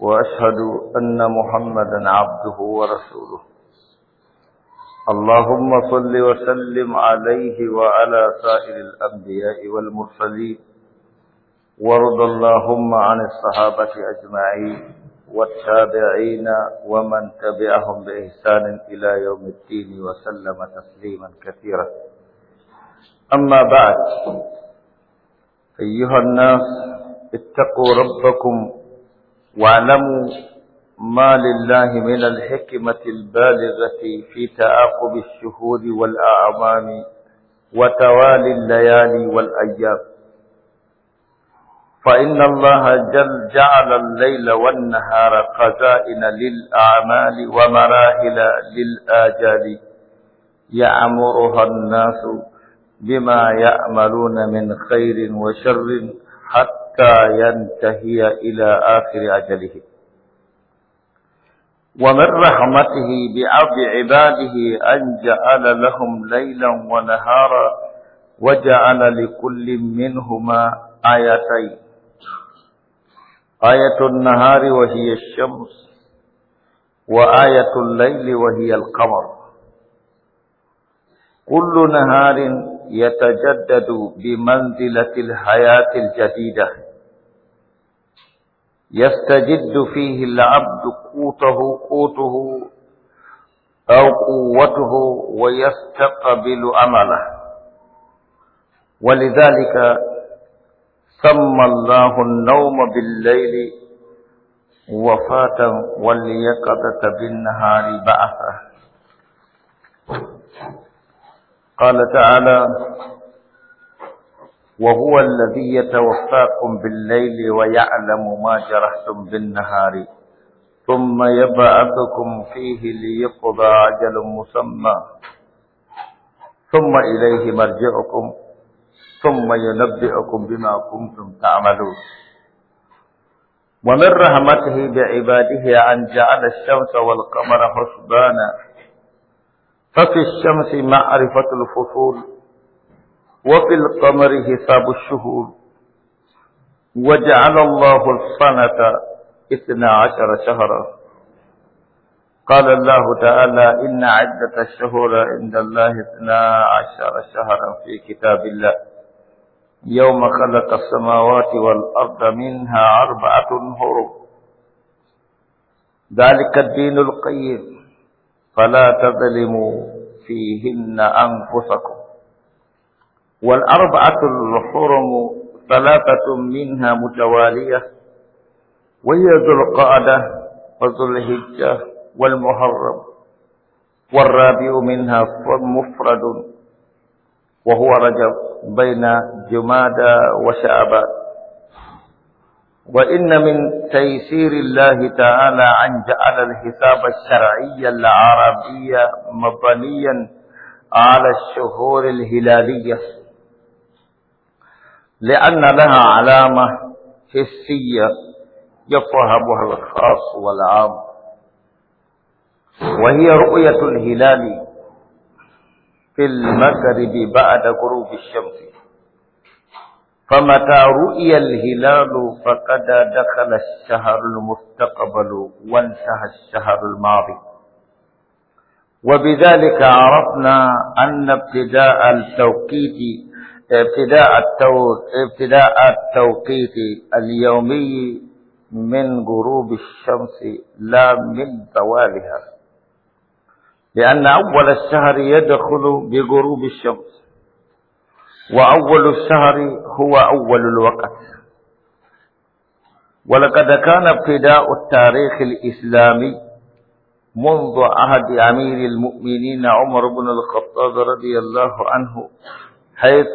وأشهد أن محمدا عبده ورسوله اللهم صل وسلم عليه وعلى سائر الأنبياء والمرسلين وارض اللهم عن الصحابة أجمعين والتابعين ومن تبعهم بإحسان إلى يوم الدين وسلم تسليما كثيرا أما بعد أيها الناس اتقوا ربكم واعلموا ما لله من الحكمة البالغة في تعاقب الشهور والأعمام وتوالي الليالي والأيام فإن الله جل جعل الليل والنهار قزائن للأعمال ومراحل للآجال يعمرها الناس بما يعملون من خير وشر حتى حتى ينتهي إلى آخر أجله ومن رحمته بعبد عباده أن جعل لهم ليلا ونهارا وجعل لكل منهما آيتين آية النهار وهي الشمس وآية الليل وهي القمر كل نهار يتجدد بمنزلة الحياة الجديدة يستجد فيه العبد قوته قوته أو قوته ويستقبل أمله ولذلك سمى الله النوم بالليل وفاة واليقظة بالنهار بعثة قال تعالى وهو الذي يتوفاكم بالليل ويعلم ما جرحتم بالنهار ثم يبعثكم فيه ليقضى عجل مسمى ثم إليه مرجعكم ثم ينبئكم بما كنتم تعملون ومن رحمته بعباده أن جعل الشمس والقمر حسبانا ففي الشمس معرفة الفصول وفي القمر حساب الشهور وجعل الله السنة اثنا عشر شهرا قال الله تعالى إن عدة الشهور عند الله اثنا عشر شهرا في كتاب الله يوم خلق السماوات والأرض منها أربعة هروب ذلك الدين القيم فلا تظلموا فيهن أنفسكم والأربعة الحرم ثلاثة منها متوالية وهي ذو القعدة وذو الهجة والمحرم والرابع منها مفرد وهو رجب بين جمادى وشعبان وإن من تيسير الله تعالى أن جعل الحساب الشرعي العربي مبنيا على الشهور الهلالية لأن لها علامة حسية يفهمها الخاص والعام وهي رؤية الهلال في المغرب بعد غروب الشمس فمتى رؤي الهلال فقد دخل الشهر المستقبل وانتهى الشهر الماضي وبذلك عرفنا أن ابتداء التوقيت ابتداء التو... ابتداء التوقيت اليومي من غروب الشمس لا من زوالها لأن أول الشهر يدخل بغروب الشمس وأول الشهر هو أول الوقت ولقد كان ابتداء التاريخ الإسلامي منذ عهد أمير المؤمنين عمر بن الخطاب رضي الله عنه حيث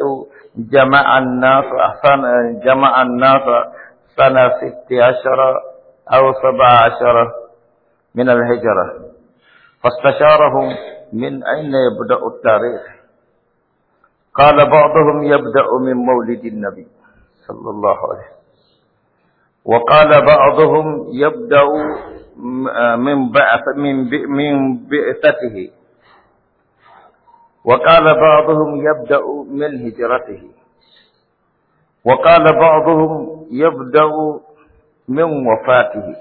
جمع الناس أحسن جمع الناس سنة ست عشرة أو سبع عشرة من الهجرة فاستشارهم من أين يبدأ التاريخ قال بعضهم يبدأ من مولد النبي صلى الله عليه وسلم وقال بعضهم يبدأ من بعث من بعثته وقال بعضهم يبدأ من هجرته وقال بعضهم يبدأ من وفاته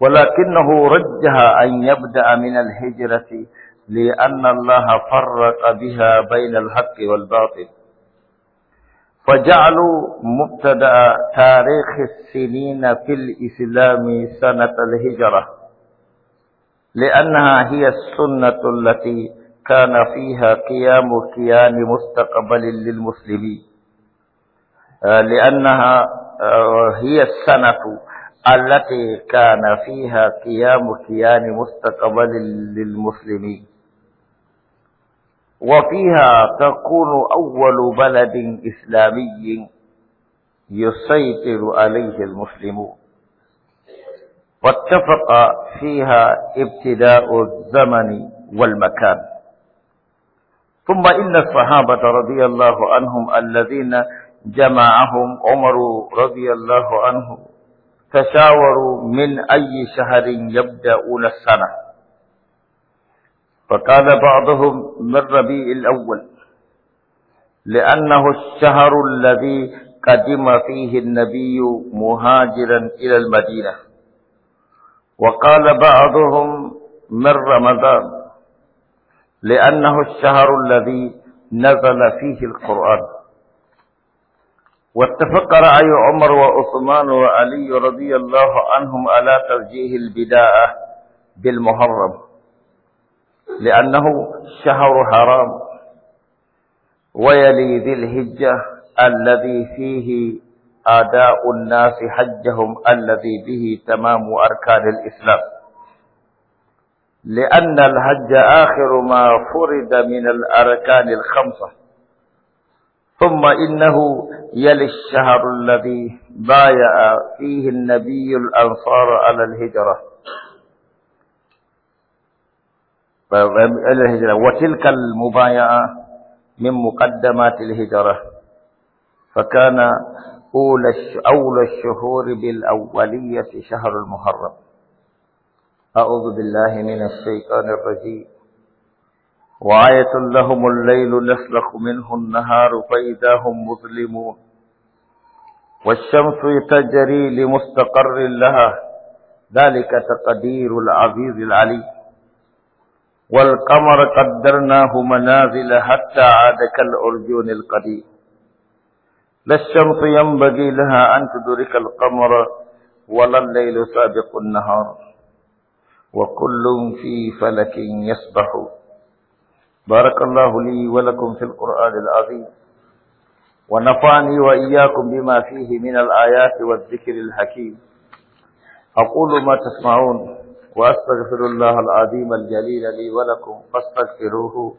ولكنه رجح أن يبدأ من الهجرة لأن الله فرق بها بين الحق والباطل فجعلوا مبتدأ تاريخ السنين في الإسلام سنة الهجرة لأنها هي السنة التي كان فيها قيام كيان مستقبل للمسلمين آه، لأنها آه، هي السنة التي كان فيها قيام كيان مستقبل للمسلمين وفيها تكون أول بلد إسلامي يسيطر عليه المسلمون واتفق فيها ابتداء الزمن والمكان ثم إن الصحابة رضي الله عنهم الذين جمعهم عمر رضي الله عنه تشاوروا من أي شهر يبدأون السنة فقال بعضهم من ربيع الأول لأنه الشهر الذي قدم فيه النبي مهاجرا إلى المدينة وقال بعضهم من رمضان لأنه الشهر الذي نزل فيه القرآن واتفق رأي عمر وعثمان وعلي رضي الله عنهم على ترجيه البداءة بالمحرم لأنه شهر حرام ويلي ذي الهجة الذي فيه آداء الناس حجهم الذي به تمام أركان الإسلام لأن الحج آخر ما فرد من الأركان الخمسة ثم إنه يلي الشهر الذي بايع فيه النبي الأنصار على الهجرة وتلك المبايعة من مقدمات الهجرة فكان أولى أول الشهور بالأولية شهر المحرم أعوذ بالله من الشيطان الرجيم وآية لهم الليل نسلخ منه النهار فإذا هم مظلمون والشمس تجري لمستقر لها ذلك تقدير العزيز العليم والقمر قدرناه منازل حتى عاد كالأرجون القديم لا الشمس ينبغي لها أن تدرك القمر ولا الليل سابق النهار وكل في فلك يسبح بارك الله لي ولكم في القرآن العظيم ونفعني وإياكم بما فيه من الآيات والذكر الحكيم أقول ما تسمعون وأستغفر الله العظيم الجليل لي ولكم فاستغفروه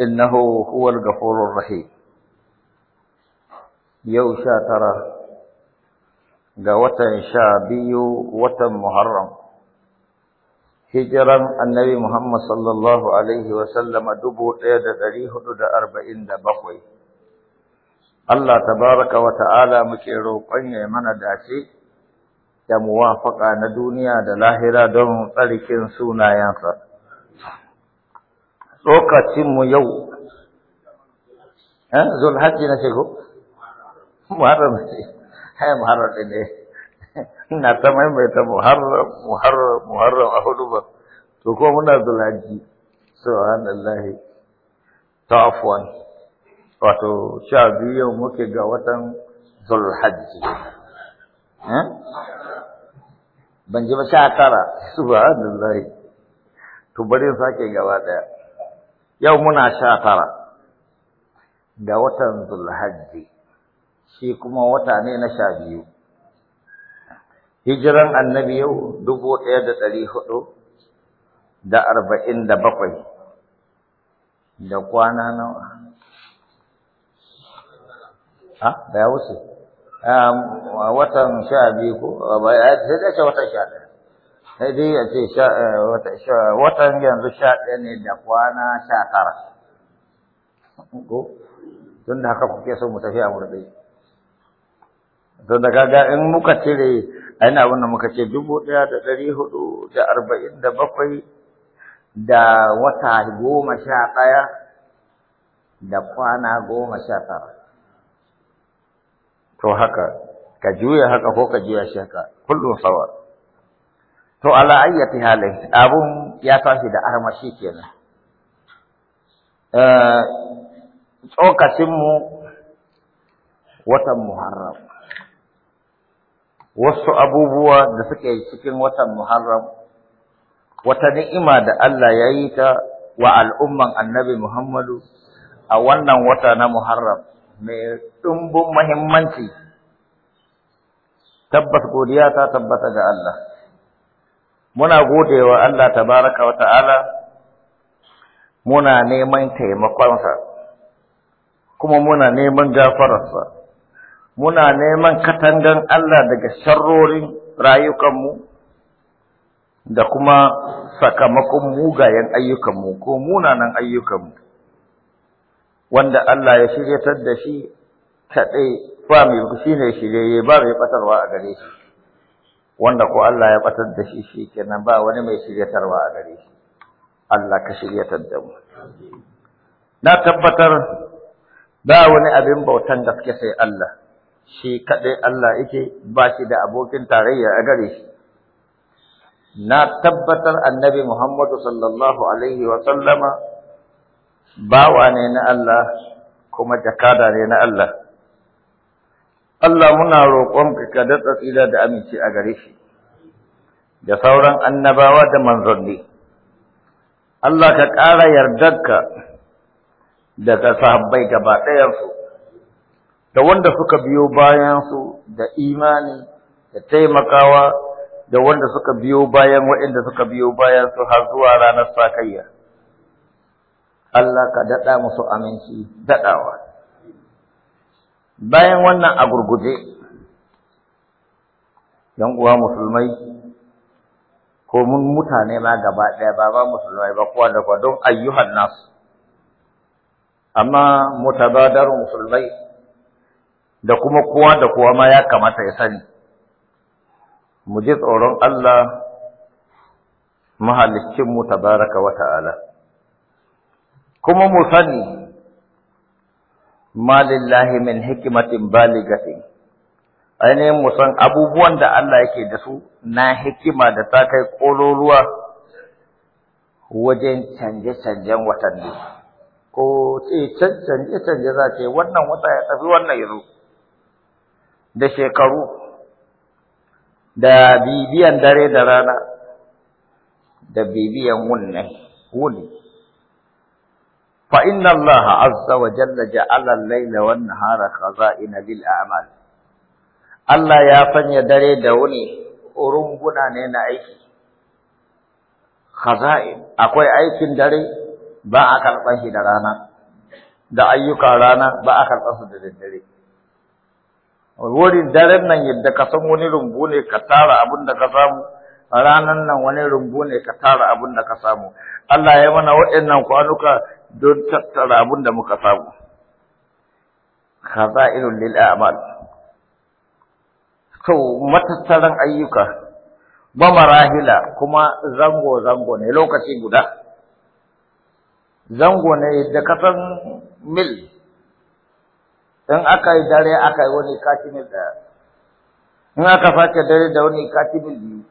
إنه هو الغفور الرحيم yau sha tara ga watan sha biyu watan Muharram. Hijiran annabi Muhammad sallallahu Alaihi wasallama dubu ɗaya da ɗari hudu da arba'in da bakwai. Allah tabaraka wa ta'ala muke roƙon ya mana dace da muwafaƙa na duniya da lahira don tsarkin sunayensa. Tsokacinmu yau, eh, zulhaji na shigo? Muharram ce, hai Muharram ɗin ne, ina ta maimaita Muharram, Muharram, Muharram a hudu ba, to ko muna zulaji, subhanallahi, ta afuwan, wato sha biyu yau muke ga watan Zulhajji. Ban ji ba sha tara, subhanallahi, to bari sake gaba ɗaya. Yau muna sha tara ga watan Zulhajji. shi kuma wata ne na sha biyu hijiran annabi yau dubu ɗaya da ɗari hudu da arba'in da bakwai da kwana nawa ha da ya wuce watan sha biyu ko sai dai ce watan sha ɗaya sai dai a ce eh, watan yanzu sha ɗaya ne da kwana sha tara ko tun da haka kuke so mu tafi a murɗai don da gaga in muka cire ainihin abin da muka ce dubu ɗaya da ɗari hudu da arba'in da bakwai da wata goma sha ɗaya da kwana goma sha tara to haka ka juya haka ko ka juya shi haka kullum sawa to ala ayyati halin abun ya tashi da armashi kenan eh, tsokacin mu watan muharram wasu abubuwa da suke cikin watan Muharram wata ni'ima da Allah ya yi ta wa al'umman annabi Muhammadu a wannan wata na Muharram mai ɗumbin muhimmanci. tabbas godiya ta tabbata ga Allah muna godewa Allah tabaraka wa ta'ala muna neman taimakonsa kuma muna neman gafararsa muna neman katangan Allah daga sharrorin rayukanmu da kuma sakamakon mugayen ayyukanmu ko munanan ayyukanmu wanda Allah ya shiryatar da shi kaɗai ba mai shi ne shiryayye ba mai ɓatarwa a gare shi wanda ko Allah ya ɓatar da shi shi kenan ba wani mai shiryatarwa a gare shi Allah ka shiryatar da mu na tabbatar ba wani abin bautan gaske sai Allah shi kaɗai Allah yake ba shi da abokin tarayya a gare shi. Na tabbatar annabi Muhammadu sallallahu Alaihi wasallama bawa ne na Allah kuma jakada ne na Allah. Allah muna roƙonka ka datsa tsira da aminci a gare shi, da sauran annabawa da manzanni. Allah ka ƙara yardarka daga sahabbai gaba ɗayansu. da wanda suka biyo bayansu da imani da taimakawa da wanda suka biyo bayan waɗanda suka biyo bayan har zuwa ranar sakayya Allah ka daɗa musu aminci daɗawa bayan wannan a gurguje ‘yan uwa musulmai ko mun mutane ma gaba ɗaya ba ba musulmai ba kowa da kwa don ayyuhan nasu amma mutabadarun musulmai da kuma kowa da kowa ma ya kamata ya sani mu ji tsoron Allah mahalicin mu tabaraka wa ta'ala kuma mu sani ma lillahi min hikmatin baligatin ainihin mu san abubuwan da Allah yake da su na hikima da ta kai ƙololuwa wajen canje-canjen watanni ko ce canje-canje za ce wannan wata ya tafi wannan ya da shekaru da bibiyan dare da rana da bibiyan wunne wuni fa inna allaha azza wa jalla ja'ala al-laila wan nahara khaza'ina lil a'mal Allah ya sanya dare da wuni urunguna ne na aiki khaza'in akwai aikin dare ba a karɓar shi da rana da ayyuka rana ba a karɓar su da daddare wuri daren nan yadda ka san wani rumbu ne ka tara abin da ka samu ranan nan wani rumbu ne ka tara abin da ka samu Allah ya mana waɗannan kwanuka don tattara abin da muka samu khaza'ilul lil a'mal to matattaran ayyuka ba marahila kuma zango zango ne lokaci guda zango ne da kasan mil in aka yi dare aka yi wani katimil ɗaya in aka sake dare da wani katimil biyu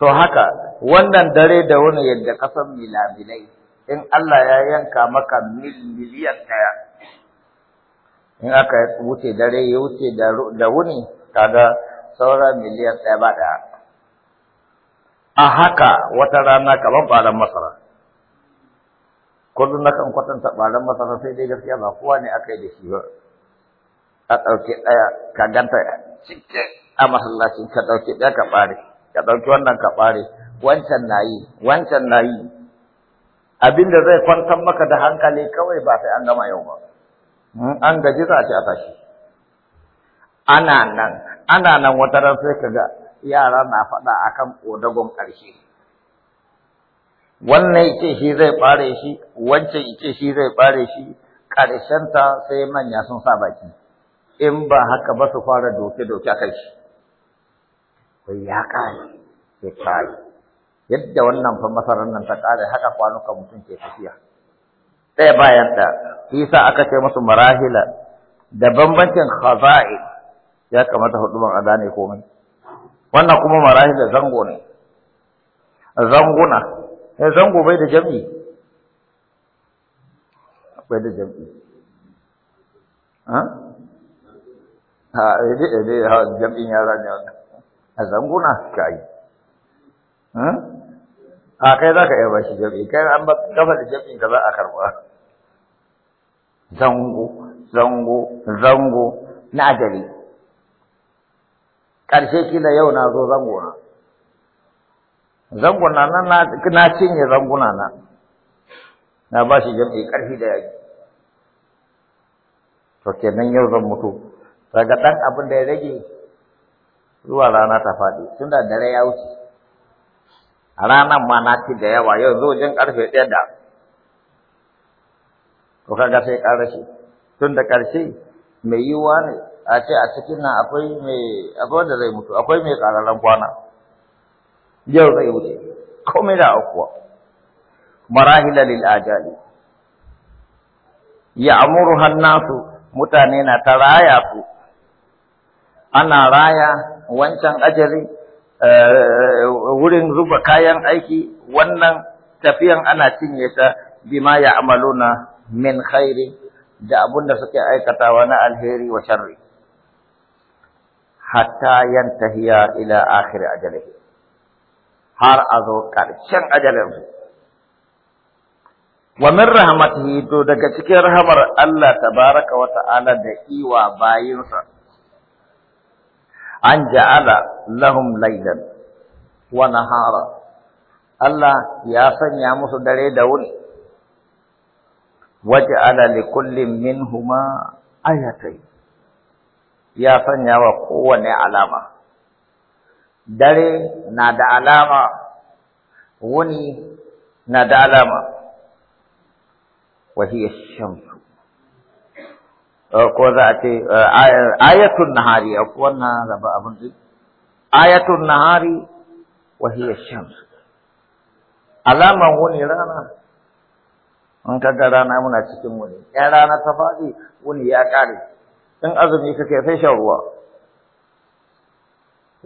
to haka wannan dare da wani yadda kasan milamilai in Allah ya yanka maka mil miliyan ɗaya in aka wuce dare ya wuce da wuni kaga saura miliyan ɗaya ba ɗaya a haka wata rana kamar ƙwaron masara kullum na kan kwatanta ɓaran masana sai dai gaskiya ba kowa ne aka yi da shi ba a ɗauke ɗaya ka ganta cikin a masallacin ka ɗauke ɗaya ka ɓare ka ɗauki wannan ka ɓare wancan na yi wancan na yi abin da zai kwantar maka da hankali kawai ba sai an gama yau ba an gaji za a ce a tashi ana nan ana nan wata ran sai ka ga yara na faɗa akan ƙodagon ƙarshe wannan yace shi zai bare shi wancan yace shi zai bare shi ta sai manya sun sa baki in ba haka ba su fara doke-doke a kai shi sai ya ƙare sai kare yadda wannan fa masarar nan ta kare haka kwanuka mutum ke tafiya ɗaya bayan ɗaya shi sa aka ce musu marahila da bambancin khaza'i ya kamata huduban a ne komai wannan kuma marahila zango ne zanguna Ya eh, zango bai da jam'i bai da jam'i ha ha ede eh, eh, ne, ha jam'in yara ne wannan a zango na kai ha a kai za ka yaba shi jam'i kai an ba kafa da jam'in ka za a karɓa zango zango zango na ajali ƙarshe kila yau na zo zango na zanguna na na cinye zanguna na na ba shi jam'i ƙarfi da yaki to kenan yau zan mutu daga ɗan abin da ya rage zuwa rana ta faɗi tun da dare ya wuce a ranar ma na ci da yawa yau zo jin ƙarfe ɗaya da to kaga sai ƙarashi tun da ƙarshe mai yiwuwa ne a ce a cikin nan akwai mai akwai wanda zai mutu akwai mai ƙararren kwana yau zai wuce komai da akuwa marahila lil ajali ya amuru hannasu mutane na ta raya su ana raya wancan ajali eh, wurin zuba kayan aiki wannan tafiyan ana cinye ta bima ya amaluna min khairi da abun da suke aikatawa na alheri wa sharri hatta yantahiya ila akhir ajalihi har a zo ƙarshen ajalinsu. Wa min rahmatihi to daga cikin rahamar Allah baraka wa ta'ala da iwa bayinsa an ja'ala lahum laylan wa nahara Allah ya sanya musu dare da wuni waj'ala likullin minhuma ayatai ya sanya wa kowane alama dare na da alama wuni na da alama hiya shamsu. ko za a ce eh, ayatul nahari a wannan raba abin duk ayatul nahari wa hiya shamsu. alaman wuni rana in ka ga rana muna cikin wuni. ɗan rana ta faɗi wuni ya ƙare in azumi kake sai shan ruwa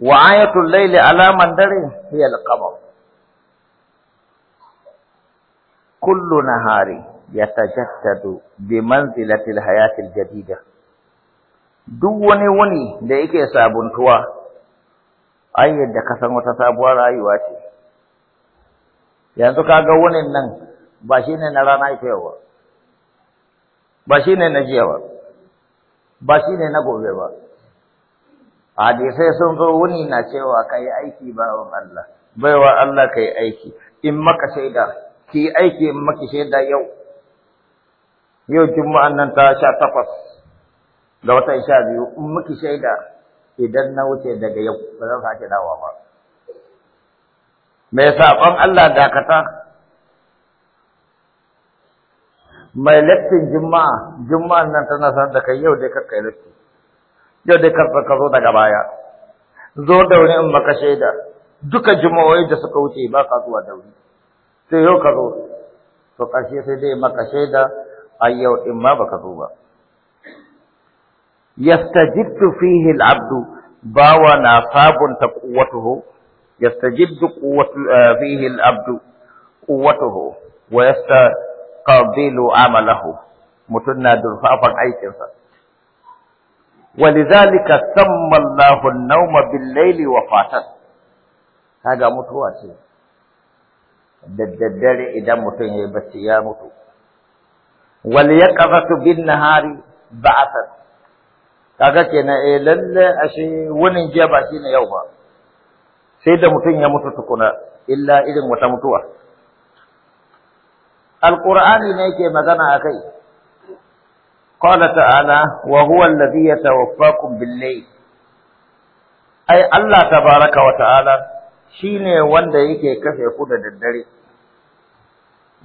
wa ayatul layli alaman dare hiya al-qamar kullu nahari yatajaddadu bi manzilati al-hayati al-jadida duk wani wani da yake sabuntuwa ai yadda ka san wata sabuwar rayuwa ce yanzu kaga wani nan ba shine na rana ita ba shine na jiya ba ba shine na gobe ba hadisai sun zo wuni na cewa ka yi aiki bawan Allah baiwa Allah ka yi aiki in maka shaida ki aiki in maki shaida yau yau juma'an nan ta sha takwas da watan sha biyu in maki shaida idan na wuce daga yau ba zan sake dawa ba mai saƙon Allah dakata mai lattin juma'a juma'an nan tana sanar da kai yau dai kakkai lattin yau dai karfa ka zo daga baya zo da wuri in baka shaida duka juma'o'i da suka wuce ba ka zuwa da wuri sai yau ka zo to ƙarshe sai dai maka shaida a yau in ma baka zo ba yastajibtu fihi al-abdu bawa na sabunta quwwatuhu yastajibtu quwwatu fihi al-abdu quwwatuhu wa yastaqbilu amalahu mutun na durfafan aikinsa ولذلك سمى الله النوم بالليل وفاتا kaga mutuwa ce daddare idan mutum ya bacci ya mutu wal yaqzatu bin nahari ba'athat kaga kenan e lallai ashe wannan jiya ba shine yau ba sai da mutum ya mutu tukuna illa irin wata mutuwa alqur'ani ne yake magana akai قال تعالى وهو الذي يتوفاكم بالليل أي الله تبارك وتعالى شيني وندا يكي كفي كودا ددري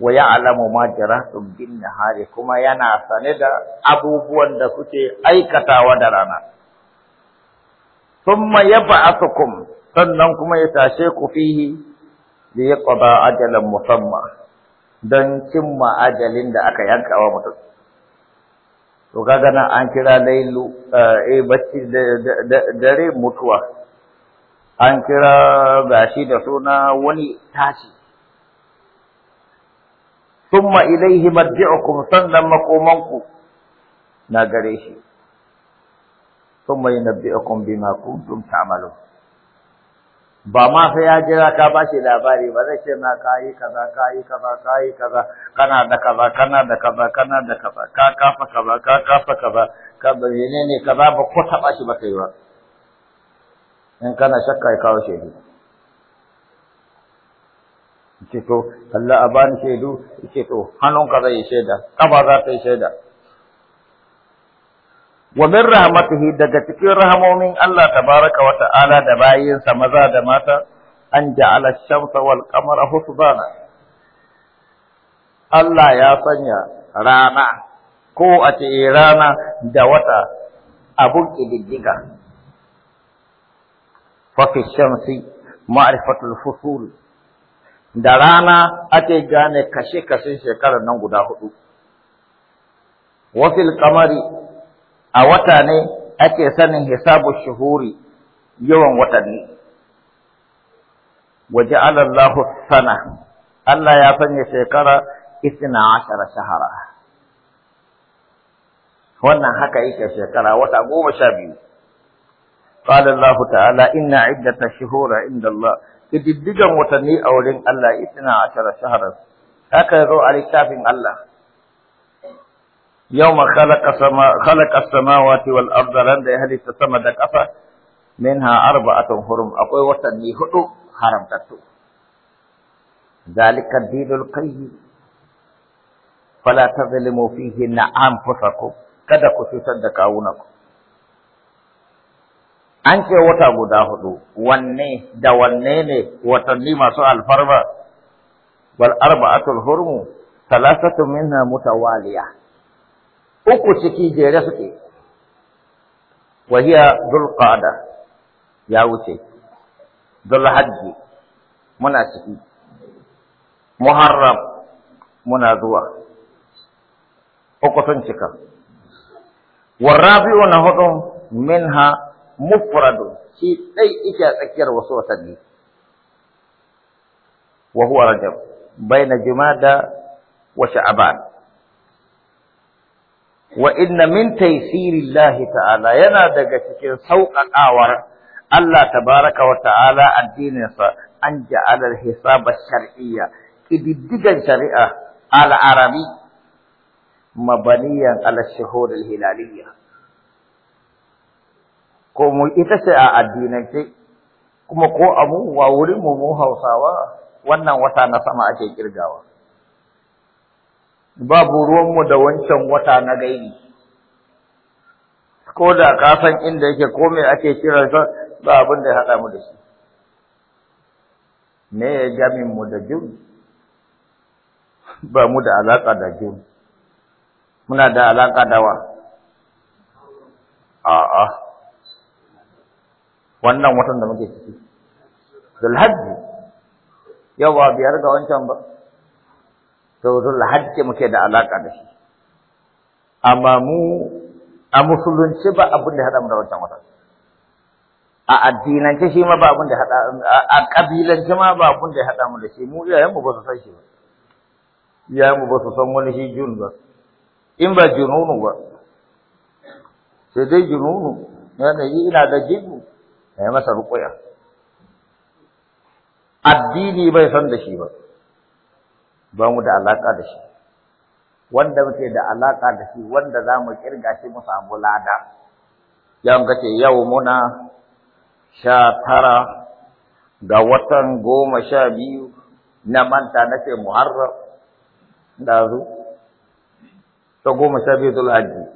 ويعلم ما جرحتم بالنهار كما ينا سندا أبوبوان دا كوتي أي كتا ودرانا ثم يبعثكم sannan kuma ya tashe ku fihi da ya ƙwada ajalan musamman don cimma ajalin da aka yanka wa mutum. to kaga nan an kira lailu eh, eh bacci dare mutuwa an kira gashi da suna wani tashi thumma ilaihi marji'ukum sannan makomanku na gare shi thumma yunabbi'ukum bima kuntum ta'malun ba ma sai ya jira ka ba shi labari ba zai ce ma ka yi kaza ka yi kaza ka yi kaza kana da kaza kana da kaza kana da kaza ka kafa kaza ka kafa kaza ka bayyane ne kaza ba ko taba shi ba kai ba in kana shakka ya kawo shaidu ce to Allah a bani shaidu ce to hannunka zai shaida kaba za ta yi shaida wa min rahmatihi daga cikin rahamomin Allah tabaraka wa ta'ala da bayinsa maza da mata an ja'ala shamsa wal qamara husbana Allah ya sanya rana ko a ce eh, rana da wata abun kididdiga fa fi shamsi ma'rifatul fusul da rana ake gane kashe-kashe shekarar nan guda hudu wa fil qamari a wata ne ake sanin hisabu shuhuri yawan watanni waje alallahu sana Allah ya sanya shekara isina ashara shahara wannan haka yake shekara wata goma sha biyu قال الله تعالى إن عدة الشهور عند الله كتب دجا متني أولين الله إثنى عشر شهرا هكذا على كافٍ الله يوم خلق سما خلق السماوات والارض لن يهدي السما da kafa منها اربعه حرم akwai watanni hudu haramtattu ذلك الدين القيم فلا تظلموا فيهن انفسكم kada ku cutar da kawunanku an ce wata guda hudu wanne da wanne ne watanni masu alfarma wal arba'atul hurmu salasatu minha mutawaliya uku ciki jere suke wahiya da ya wuce hajji muna ciki muharram muna zuwa uku sun cika warrabi'u na hudu minha mufradu shi ɗai ike tsakiyar wasu wasanni. wa huwa rajab baina jumada wa sha'ban wa inna min taysirillahi ta'ala yana daga cikin sauƙaƙawar Allah tabaraka wa ta'ala addininsa an ja'ala al-hisaba shar'iyya kididdigan shari'a al-arabi mabaniyan ala shuhur al-hilaliyya ko mu ita ce a addinance kuma ko amu wa wurin mu mu Hausawa wannan wata na sama ake kirgawa babu ruwanmu da wancan wata na gaibi ko da ka san inda yake ko me ake kira sa ba abin da ya haɗa mu da shi me ya jamin mu da jin ba mu da alaƙa da jin muna da alaƙa da wa a'a wannan watan da muke ciki zulhajji yawa biyar ga wancan ba sautul lahadke muke da alaka da shi amma mu a musulunci ba abin da haɗa mu da wancan wata a addinance shi ma ba abin da haɗa a ƙabilance ma ba abin da haɗa mu da shi mu mu ba su san shi ba mu ba su san wani shi jun ba in ba jununu ba sai dai jununu yi ina da jibu ya masa ruƙuya addini bai san da shi ba ba mu da alaƙa da shi wanda muke da alaƙa da shi wanda za mu ƙirga shi mu samu lada muka kace yau muna sha tara ga watan goma sha biyu na manta na ce da zu ta goma sha biyu zuwa hajji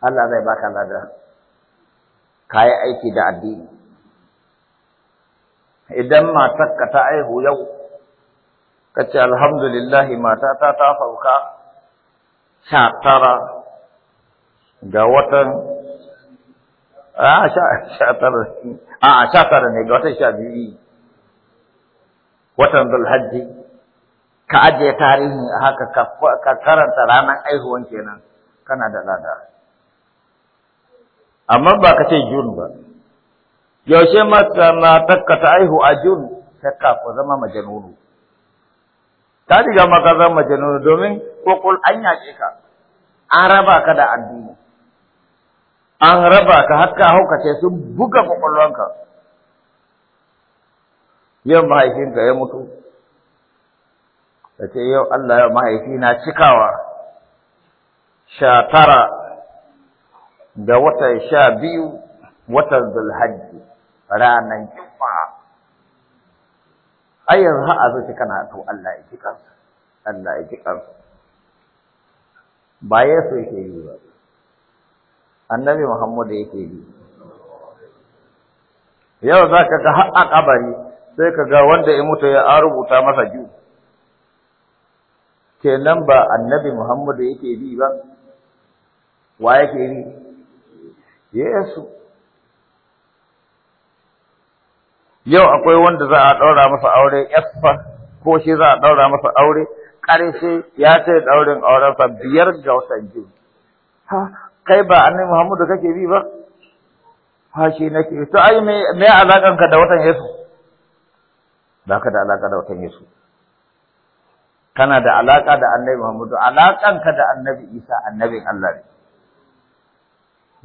Allah zai baka lada ka yi aiki da addini idan matarka ta aihu yau kace alhamdulillah matata ta fauka sha tara ga watan ah, a sha tara a ah, sha tara ne ga watan sha biyu watan zulhajji ka ajiye tarihin haka ka karanta ranar aihuwan kenan kana da lada amma ba ka ce jun ba yaushe matakka ta aihu a jun ta kafa zama majanunu ta riga ma ka zama domin ko kul an yaƙe ka an raba ka da addini an raba ka har ka haukace sun buga kwakwalwanka yau mahaifinka ya mutu ta ce yau Allah yau mahaifina cikawa sha tara da watan sha biyu watan zulhajji ranar ai yanzu har a zuci kana to Allah ya ji kansa Allah ya ji kansa ba Yesu yake yi ba annabi Muhammad yake yi yau za ka ga har a kabari sai ka ga wanda ya mutu ya rubuta masa ju kenan ba annabi Muhammad yake bi ba wa yake yi? Yesu yau akwai wanda za a ɗaura masa aure yasfa ko shi za a ɗaura masa aure ƙarshe ya ce ɗaurin aurensa biyar ga watan jini. ha kai ba annai muhammadu kake bi ba ha shi nake to ai me me alaƙanka da watan yesu ba ka da alaƙa da watan yesu kana da alaƙa da annabi Muhammadu, alaƙanka da annabi Isa annabin Allah ne,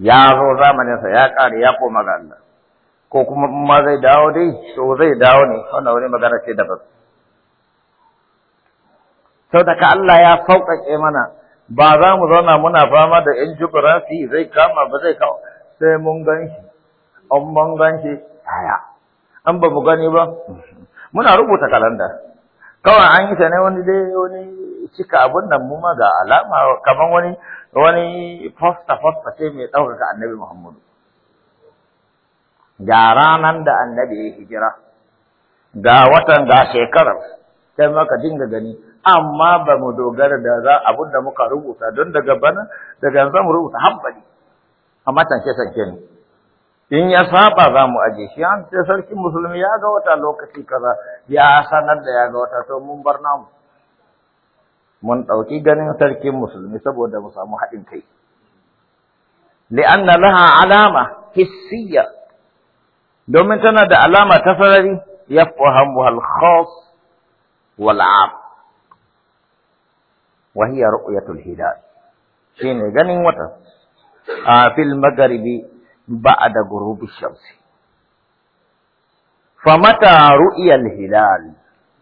ya zo zamaninsa ya ƙare ya koma ga Allah. ko kuma ma zai dawo dai to zai dawo ne wannan wani magana ce bas sau da Allah ya sauƙaƙe mana ba za mu zauna muna fama da yan jugurafi zai kama ba zai kawo sai mun gan shi an mun gan shi aya an ba mu gani ba muna rubuta kalanda kawai an yi ta wani dai wani cika abun nan mu ma ga alama kamar wani wani fasta fasta ce mai ɗaukaka annabi Muhammadu ga ranar da annabi ya hijira ga watan ga shekarar sai maka dinga gani amma ba mu dogara da za abin da muka rubuta don daga bana daga yanzu mu rubuta hambali amma tanke sanke ne in ya saba za mu aje shi an ce sarkin musulmi ya ga wata lokaci kaza ya sanar da ya ga wata to mun bar namu mun ɗauki ganin sarkin musulmi saboda mu samu haɗin kai li'anna laha alama hissiyya domin tana da alama ta sarari ya fahimu al-khas wal am wa hiya ru'yatul hilal shine ganin wata a fil magharibi ba'da ghurubi shamsi mata ru'yal hilal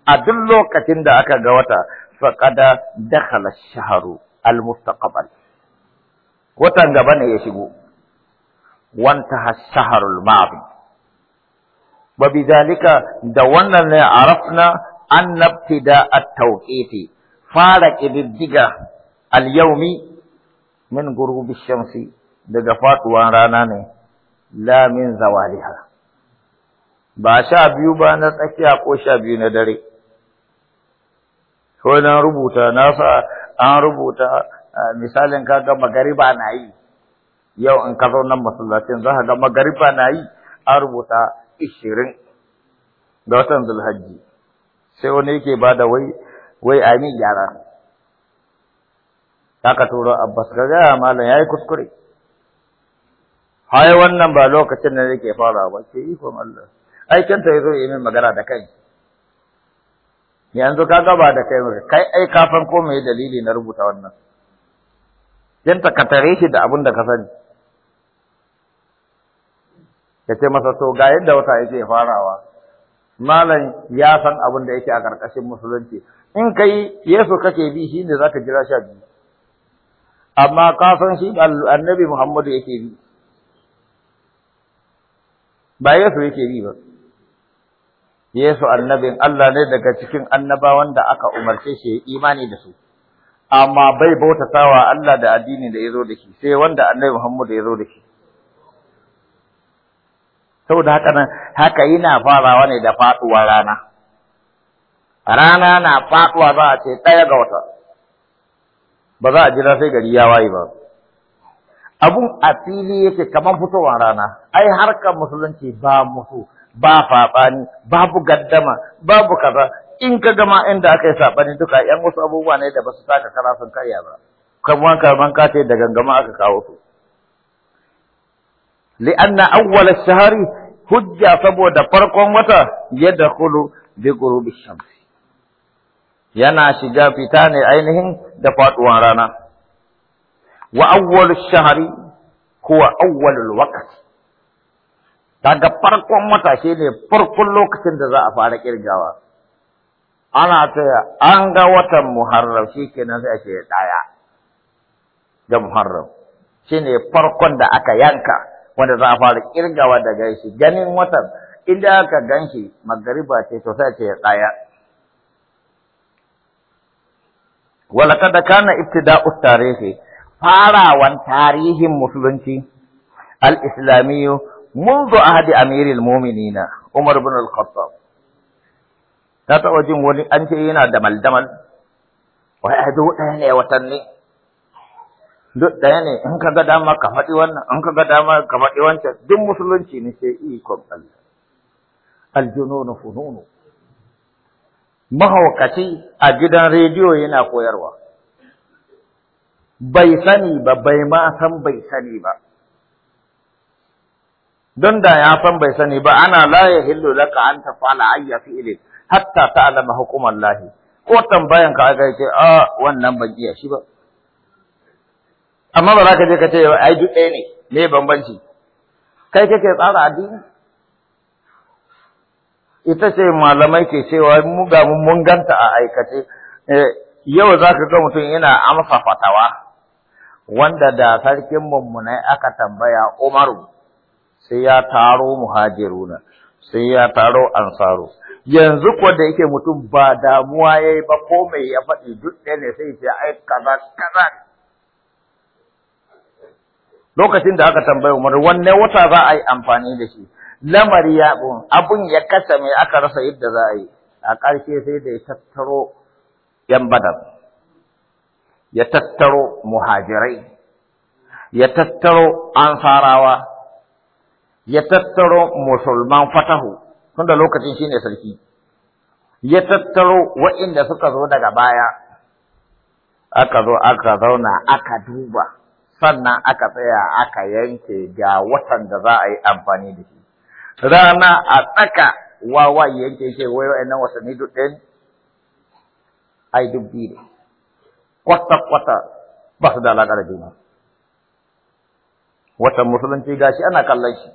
a duk lokacin da aka ga wata faqada dakhala ash-shahru al-mustaqbal watan gaba ne ya shigo wanta ash-shahrul madi wa bidalika da wannan ne arafna an nabtida at-tawqiti fara kididdiga al-yawmi min ghurubi shamsi daga fatuwan rana ne la min zawaliha ba sha biyu ba na tsakiya ko sha biyu na dare ko na rubuta na sa an rubuta misalin ga magariba na yi yau in ka zo nan masallacin za ka ga magariba na yi an rubuta ishirin da watan Zulhajji sai wani yake ba da wai wai amin gyara aka turo Abbas ka gaya malam ya yi kuskure hai wannan ba lokacin da yake fara ba ce ikon Allah aikin ta yazo yi magana da kai yanzu ka gaba da kai maka kai ai kafan ko me dalili na rubuta wannan yanta ka tare shi da abin da ka sani ka ce masa to ga yadda wata yake farawa malam ya san abin da yake a ƙarƙashin musulunci in kai yesu kake bi shi ne za ka jira sha biyu amma ka san shi annabi muhammadu yake bi ba yesu yake bi ba yesu annabin allah ne daga cikin annabawan da aka umarce shi imani da su amma bai bautatawa allah da addini da ya zo da shi sai wanda annabi muhammadu ya zo da shi saboda haka nan haka yana farawa ne da faduwar rana rana na faduwa za a ce ɗaya ga wata ba za a jira sai gari ya waye ba abun a yake kamar fitowar rana ai harkar musulunci ba musu ba faɓani babu gaddama babu kaza in ka gama inda aka yi saɓani duka yan wasu abubuwa ne da ba su taka kara sun karya ba kan wanka man kace da gangama aka kawo su li'anna awwala shahari hujja saboda farkon wata yadkhulu bi ghurubi shamsi yana shiga fita ne ainihin da faduwan rana wa shahari huwa awwalul waqti daga farkon wata shine farkon lokacin da za a fara kirgawa ana ta an ga watan muharram shikenan sai a ce daya da muharram shine farkon da aka yanka wanda za a fara kirgawa da shi ganin watan inda aka ganshi, magariba ce to sai ce ya tsaya walaqad kana ibtida'u tarihi farawan tarihin musulunci al-islamiyyu منذ عهد أمير المؤمنين عمر بن الخطاب ta taɓa jin wani an ce yana damal-damal wai a zo watanni duk ɗaya ne in ka ga dama ka faɗi wannan in ka ga dama ka faɗi wancan duk musulunci ne sai ikon Allah aljununu fununu mahaukaci a gidan rediyo yana koyarwa bai sani ba bai ma san bai sani ba don da ya san bai sani ba ana la yahillu laka an tafala ayya fi'lin hatta hukumar lahi. ko tambayan ka ga ce a ah, wannan ban iya shi ba amma ba za ka je ka ce ai duk ɗaya ne me bambanci kai kake tsara addini ita ce malamai ke cewa mu ga mun ganta a aikace eh, yau za ka ga mutum yana amsa fatawa wanda da sarkin mummunai aka tambaya Umaru sai ya taro muhajiruna sai ya taro ansaru yanzu ko da yake mutum ba damuwa yayi ba ko mai ya faɗi duk ɗaya ne sai ya ce ai kaza kaza lokacin da aka tambaye Umar wanne wata za a yi amfani da shi lamari ya abun ya kasa mai aka rasa yadda za a yi a ƙarshe sai da ya tattaro yan badar ya tattaro muhajirai ya tattaro ansarawa ya tattaro musulman fatahu tun da lokacin shine sarki ya tattaro wa'inda suka zo daga baya aka zo aka zauna aka duba sannan aka tsaya aka yanke ga watan da za a yi amfani da shi rana a tsaka wawa yanke ce wai wa'annan wasanni duk ɗin ai duk biyu kwata-kwata ba su da alaƙa da juna watan musulunci gashi ana kallon shi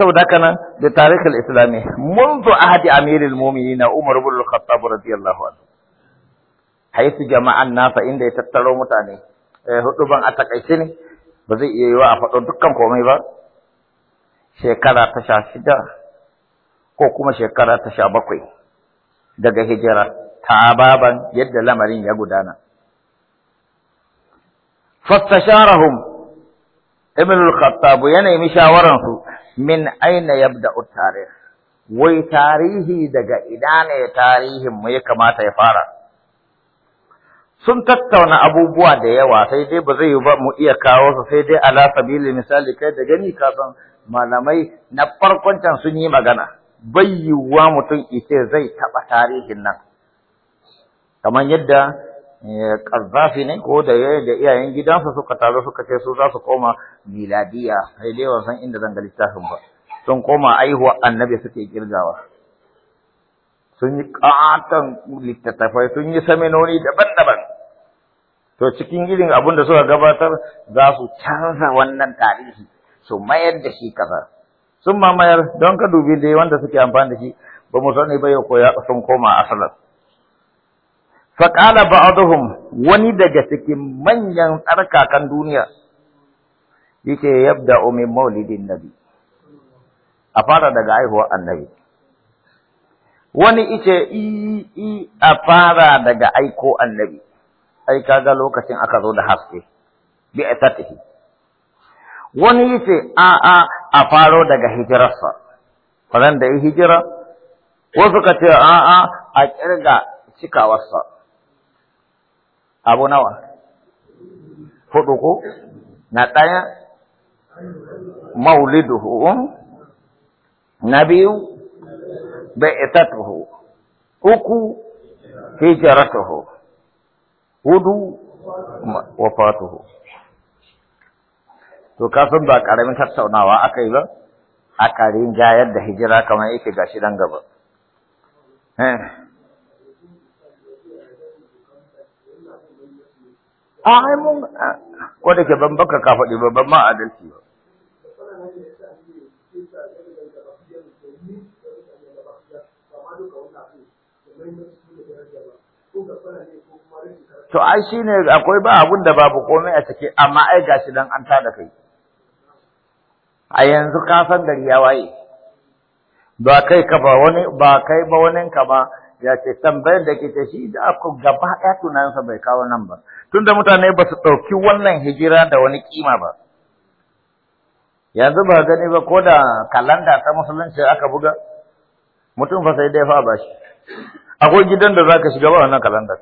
saboda haka nan da tarihul islami منذ عهد امير المؤمنين Umar, بن الخطاب رضي radiyallahu anhu. حيث jama'an nasa inda ya tattaro mutane Eh, hudu ban a takaice ne ba zai iya yiwa a faɗo dukkan komai ba shekara ta sha shida ko kuma shekara ta sha bakwai daga hijira ta baban yadda lamarin ya gudana fastasharahum ibn al-khattab ya nemi shawaran su min aina yabda'u tarikh wai tarihi daga ina ne tarihin mu ya kamata ya fara sun tattauna abubuwa da yawa sai dai ba zai yi ba mu iya kawo su sai dai ala sabili misali kai da gani ka san malamai na farkon can sun yi magana bayyuwa mutum ita zai taɓa tarihin nan kamar yadda ƙarfafi eh, ne ko da da iyayen gidansa suka taru suka ce su za su koma miladiya sai dai wasan inda zan ga littafin ba sun koma aihuwa annabi suke kirgawa sun yi ƙaton littattafai sun yi saminoni daban-daban to cikin irin abin da suka gabatar za su canza wannan tarihi su mayar da shi kaza sun mamayar don ka dubi da wanda suke amfani da shi ba mu sani ba yau koya sun koma asalar faƙala ba'aduhum wani daga cikin manyan tsarkakan duniya yake yabda min maulidin nabi a fara daga aihuwar annabi wani ice i i a fara daga aiko annabi ai kaga lokacin aka zo da haske bi atatihi wani yace a a a faro daga hijirarsa faran da yi hijira wasu suka ce a a a kirga cikawarsa abu nawa hudu ko na ɗaya mauliduhu na biyu bai uku hijiratuhu hudu wafatuhu to kafin ba karamin tattaunawa aka yi ba a karin jayar da hijira kamar yake gashi dan gaba eh. a ai mun ko da ke ban baka ka faɗi ba ban ma adalci ba ko to ai shine akwai ba abun da babu komai a ciki amma ai gashi dan an tada kai a yanzu ka san gari ya waye ba kai ka ba wani ba kai ba wanin ka ba ya ce tambayar da ke shi da aka gaba ɗaya tunaninsa bai kawo nan ba tunda mutane ba su ɗauki wannan hijira da wani kima ba yanzu ba gani ba ko da kalanda ta musulunci aka buga mutum fa sai dai fa ba shi akwai gidan da zaka shiga ba wannan kalandar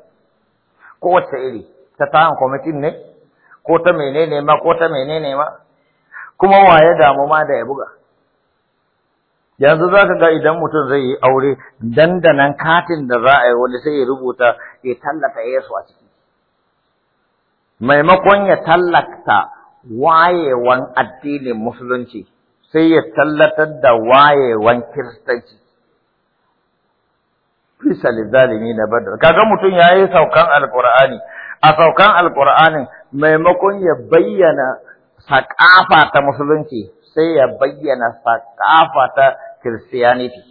kowace iri ta tahan kwamitin ne ko ta menene ma ko ta menene ma kuma wa ya damu ma da ya buga yanzu za ka ga idan mutum zai yi aure dandanan katin da za a yi wani sai ya rubuta ya tallata yesu a ciki maimakon ya tallata wayewan addinin musulunci sai ya tallatar da wayewan kiristanci bisa lizalimi na badal kaga mutum ya yi saukan alqur'ani a saukan alqur'anin maimakon ya bayyana sakafa ta musulunci sai ya bayyana sakafa ta christianity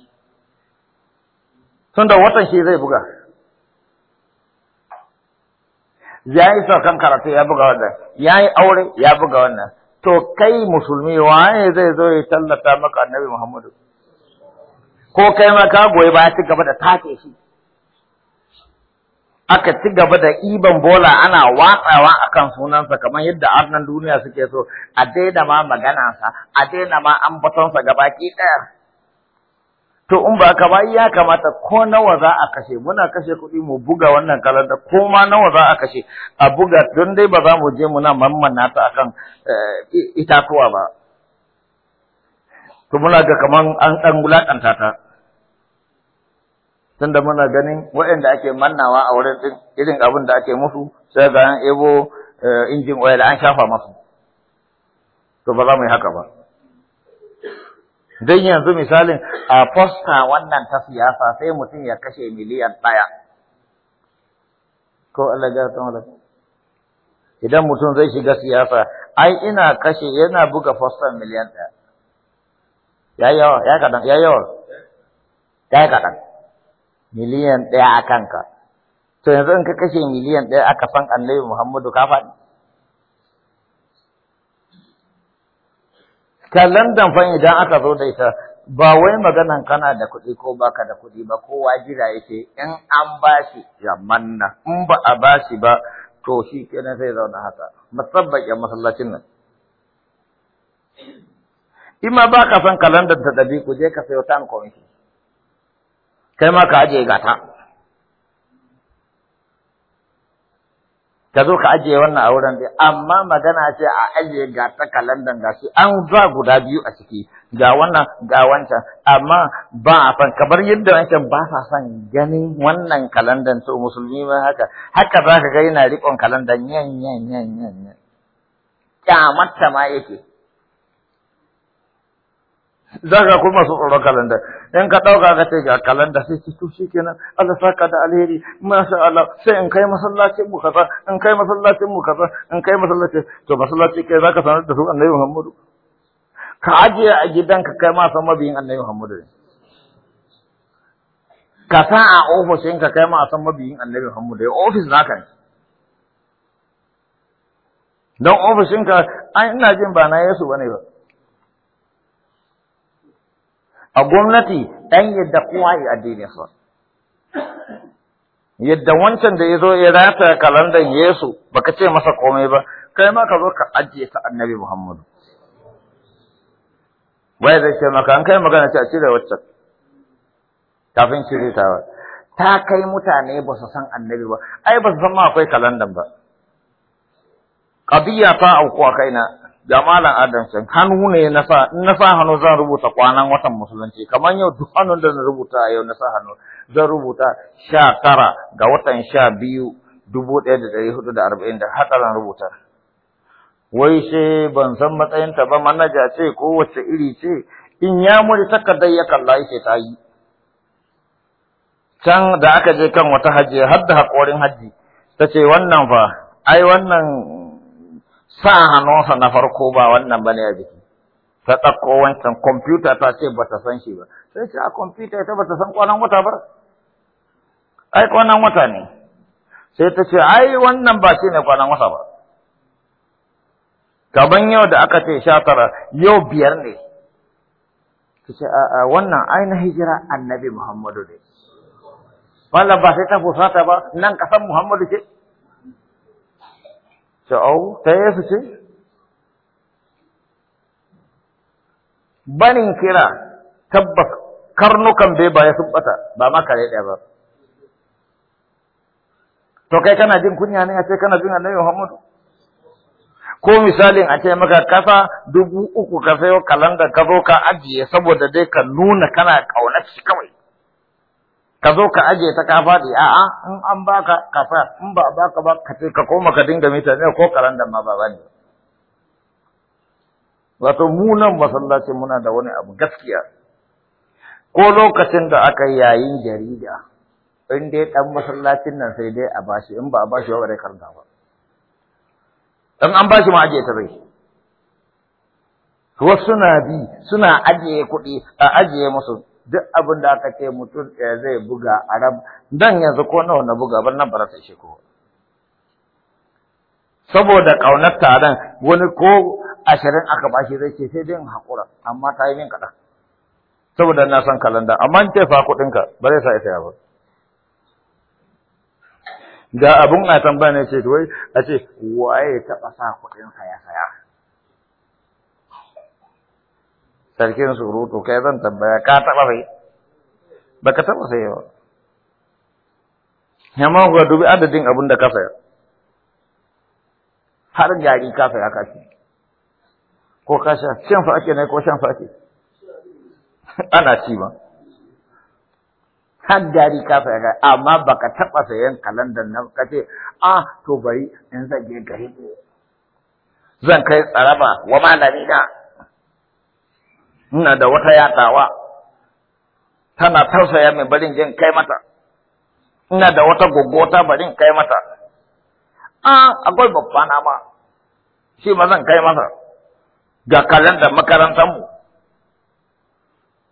tunda watan shi zai buga yayi saukan karatu ya buga wannan yayi aure ya buga wannan to kai musulmi ne zai zo ya tallata maka annabi muhammadu ko kai ma ka goyi ba ci gaba da tace shi aka ci gaba da iban bola ana watsawa akan sunansa kamar yadda arnan duniya suke so a daina ma sa a daina ma ambatonsa gabaki daya. to in ba ka ba ya kamata ko nawa za a kashe muna kashe kuɗi mu buga wannan kalanda ko ma nawa za a kashe a buga don dai ba za mu je muna mamman nata akan eh, itatuwa ba to muna ga kaman an ɗan wulaƙanta ta tunda muna ganin waɗanda ake mannawa a wurin din irin abin da ake musu sai ga an ebo eh, injin oil an shafa masu to ba za mu yi haka ba dan yanzu misalin a fosta wannan ta siyasa sai mutum ya kashe miliyan ɗaya ko Allah ya idan mutum zai shiga siyasa ai ina kashe yana buga posta miliyan ɗaya ya yawa ya kaɗan ya yawa ya kaɗan miliyan ɗaya a kanka to yanzu in ka kashe miliyan ɗaya aka san annabi muhammadu ka faɗi kallon damfan idan aka zo da ita ba wai maganan kana da kuɗi ko baka da kuɗi ba kowa jira yake in an bashi ya manna in ba a bashi ba to shi kenan sai zauna haka musabbaƙin masallacin nan in ma ba ka son kalandar ta ɗabi ku je ka sayo tan kwamiti kai ma ka ajiye gata ka zo ka ajiye wannan a wurin dai amma magana ce a ajiye ga ta kalandan gashi an ba guda biyu a ciki ga wannan ga wancan amma ba a fan kamar yadda wancan ba sa son ganin wannan kalandan to musulmi ma haka haka za ka ga yana riƙon kalandan yan yan yan yan kyamata ma yake za ka kuma masu tsoron kalanda in ka ɗauka ka ce ga kalanda sai ci shi kenan Allah saka da alheri masha Allah sai in kai masallacin mu kaza in kai masallacin mu kaza in kai masallacin to masallaci kai za ka sanar da su annabi Muhammadu ka ajiye a gidanka kai ma san mabiyin annabi Muhammadu ka sa a ofishin ka kai ma san mabiyin annabi Muhammadu office ofis yi dan don ofishin ka ina jin ba na Yesu bane ba a gwamnati ɗan yadda kowa ya addini sa yadda wancan da ya zo ya rata kalandan Yesu baka ce masa komai ba kai ma ka zo ka ajiye ta annabi Muhammadu wai zai ce maka an kai magana ce a cire waccan kafin cire ta ba ta kai mutane ba su san annabi ba ai ba su san ma akwai kalandan ba qadiya ta auku a kaina ga malam adam hannu ne na sa in na sa hannu zan rubuta kwanan watan musulunci kamar yau duk hannun da na rubuta a yau na sa hannu zan rubuta sha tara ga watan sha biyu dubu ɗaya da ɗari hudu da arba'in da haka zan rubuta wai sai ban san matsayinta ba manaja ce ko wace iri ce in ya muri takardar ya kalla yake ta yi can da aka je kan wata hajji har da haƙorin hajji ta ce wannan fa ai wannan sa hannunsa na farko ba wannan bane a jiki ta ɗauko wancan kwamfuta ta ce ba ta san shi ba sai ce a kwamfuta ita ba ta san kwanan wata ba ai kwanan wata ne sai ta ce ai wannan ba shi ne kwanan wata ba kaman yau da aka ce sha tara yau biyar ne ta ce a wannan ai na hijira annabi muhammadu ne wannan ba sai ta fusata ba nan kasan muhammadu ce ce au ta yesu ce banin kira tabbas karnukan bai baya sun bata ba ma kare ɗaya ba to kai kana jin kunya ne a ce kana jin annabi Muhammadu ko misalin a ce maka kasa dubu uku ka sayo kalanda ka zo ka ajiye saboda dai ka nuna kana ƙaunar shi kawai ka zo ka aje ta ka faɗi a'a in an baka ka in ba a baka ba ka ce ka koma ka dinga mita ne ko karandan ma ba bane wato mu nan masallacin muna da wani abu gaskiya ko lokacin da aka yayin jarida in dai dan masallacin nan sai dai a bashi in ba a bashi ba bare karanta ba dan an bashi ma aje ta zai wasu na bi suna ajiye kuɗi a ajiye musu duk abin da aka ce mutum ɗaya zai buga a rab dan yanzu ko nawa na buga ban nan ba ta shi ko saboda ƙaunar taron wani ko ashirin aka bashi zai ce sai dai haƙura amma ta yi min kaɗan saboda na san kalanda amma in ce fa kuɗinka ba zai sa ita ba ga abun a tambaya ne ce wai a ce waye taɓa sa kuɗin ya saya sarkin surutu kai zan tambaya ka taɓa sai baka taba taɓa sai yawa yamma ku dubi adadin abin da ka saya har gari ka saya ka ci ko ka sha shan fa ake ne ko shan fa ake ana ci ba har gari ka saya ka amma baka taba sayan kalandar nan ka ce ah to bari in zan je gari zan kai tsaraba wa malami na ina da wata yaɗawa tana tausaya mai barin jin kai mata ina da wata gogota barin kai mata a akwai babba na ma shi ma zan kai mata, ga kalanda da makarantarmu,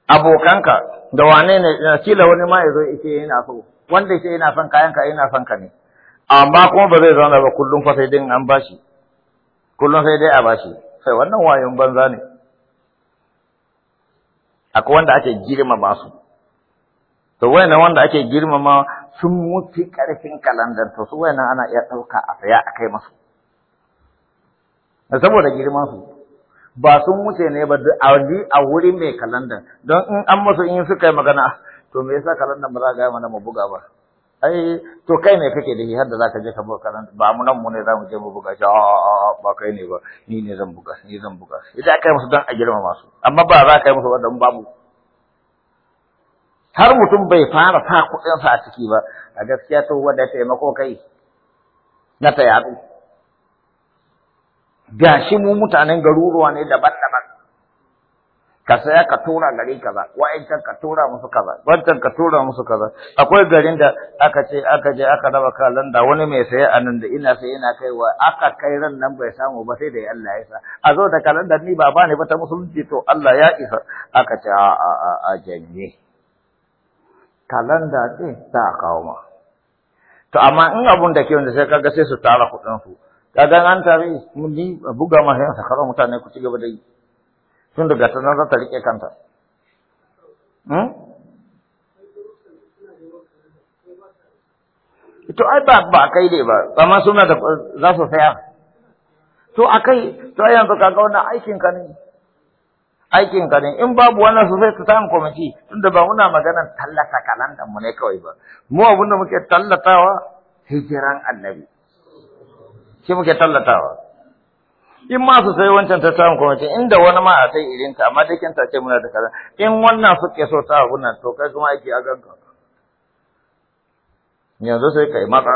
abokanka da wane ne kila wani ma ya zo yake yana so wanda yake yana son kayan ka yana son ka ne amma kuma ba zai zauna ba kullum fa sai dai an bashi kullum sai dai a bashi sai wannan wayon banza ne akwai wanda ake girmama su to wayannan wanda ake girmama sun mutu karfin kalandar to su ana iya ɗauka a tsaya a kai masu saboda girman su ba sun wuce ne ba a wuri mai kalandar don in an masu in suka yi magana to me yasa kalandar ba za ga mana mu buga ba ai to kai ne kake da shi har da zaka je ka buga karanta ba mu nan mu ne zamu je mu buga shi ba kai ne ba ni ne zan buga ni zan buga idan kai musu dan a girma masu amma ba za kai yi musu wannan babu har mutum bai fara sa kuɗin sa a ciki ba a gaskiya to wanda taimako kai na ta yaɗu gashi mu mutanen garuruwa ne daban ka saya ka tura gari kaza wa'ancan ka tura musu kaza wancan ka tura musu kaza akwai garin da aka ce aka je aka raba ka landa wani mai saya anan da ina sai ina kaiwa aka kai ran nan bai samu ba sai da Allah ya sa a zo da kalandar ni ba ne ba ta musulunci to Allah ya isa aka ce a a a a janye kalanda ce ta kawo ma to amma in abun da ke wanda sai kaga sai su tara kuɗin su kaga an tare mun ni buga ma sai sakarar mutane ku ci gaba da tunda gata nan za ta riƙe kanta to ai ba ba kai ne ba amma suna da za su saya to akai to yanzu kaga wannan aikin ka ne aikin ka ne in babu wannan su sai su samu kwamiti tunda ba muna maganar tallata kalandan mu ne kawai ba mu abinda muke tallatawa hijiran annabi shi muke tallatawa in ma su sai wancan ta tamu kwamiti inda wani ma a sai irin ta amma dukkan ta ce muna da kaza in wannan suke so ta nan, to kai kuma ake a ganka yanzu sai kai mata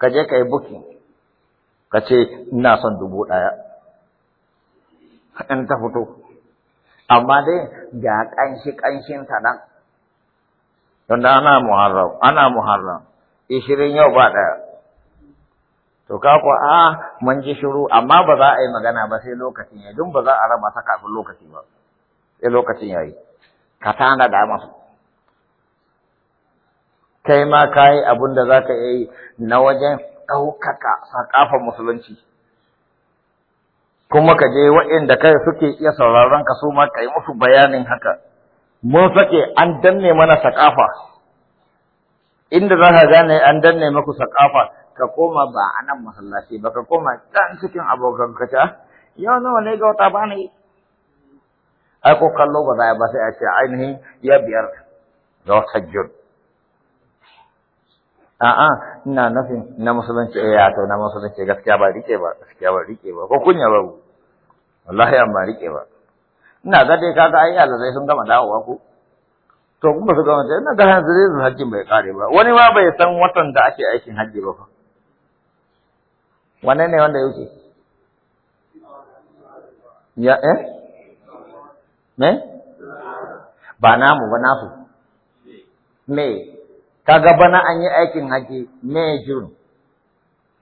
ka je kai buki, ka ce ina son dubu ɗaya in ta fito amma dai ga ƙanshi ƙanshin ta nan don ana muharram ana muharram ishirin yau ba ɗaya to ka ku a ah, mun ji shiru amma ba za a yi magana ba sai lokacin yayi don ba za a raba ta kafin lokaci ba sai lokacin yayi ka tana da masu kai ma ka yi abin da za ka yi na wajen ɗaukaka sakafan musulunci kuma ka je waɗanda kai suke iya sauraron ka su ma ka yi musu bayanin haka mun sake an danne mana sakafa inda za ka gane an danne maku sakafa ka koma ba a nan masallaci ba ka koma can cikin abokan kaca yau nawa ne ga wata ba ne ai ko kallo ba za ba sai a ce ainihin ya biyar ga wata jun a'a ina nufin na musulunci eh ya to na musulunci gaskiya ba rike ba gaskiya ba rike ba ko kunya ba wallahi amma rike ba ina ga dai kaga ai alazai sun gama dawowa ko to kuma su gama ina ga hanzu zai hajji bai kare ba wani ma bai san watan da ake aikin hajji ba fa Wanene ne wanda yake? Ya eh? Me? Ba mu ba nasu. Me? Kaga bana an yi aikin haji me jun.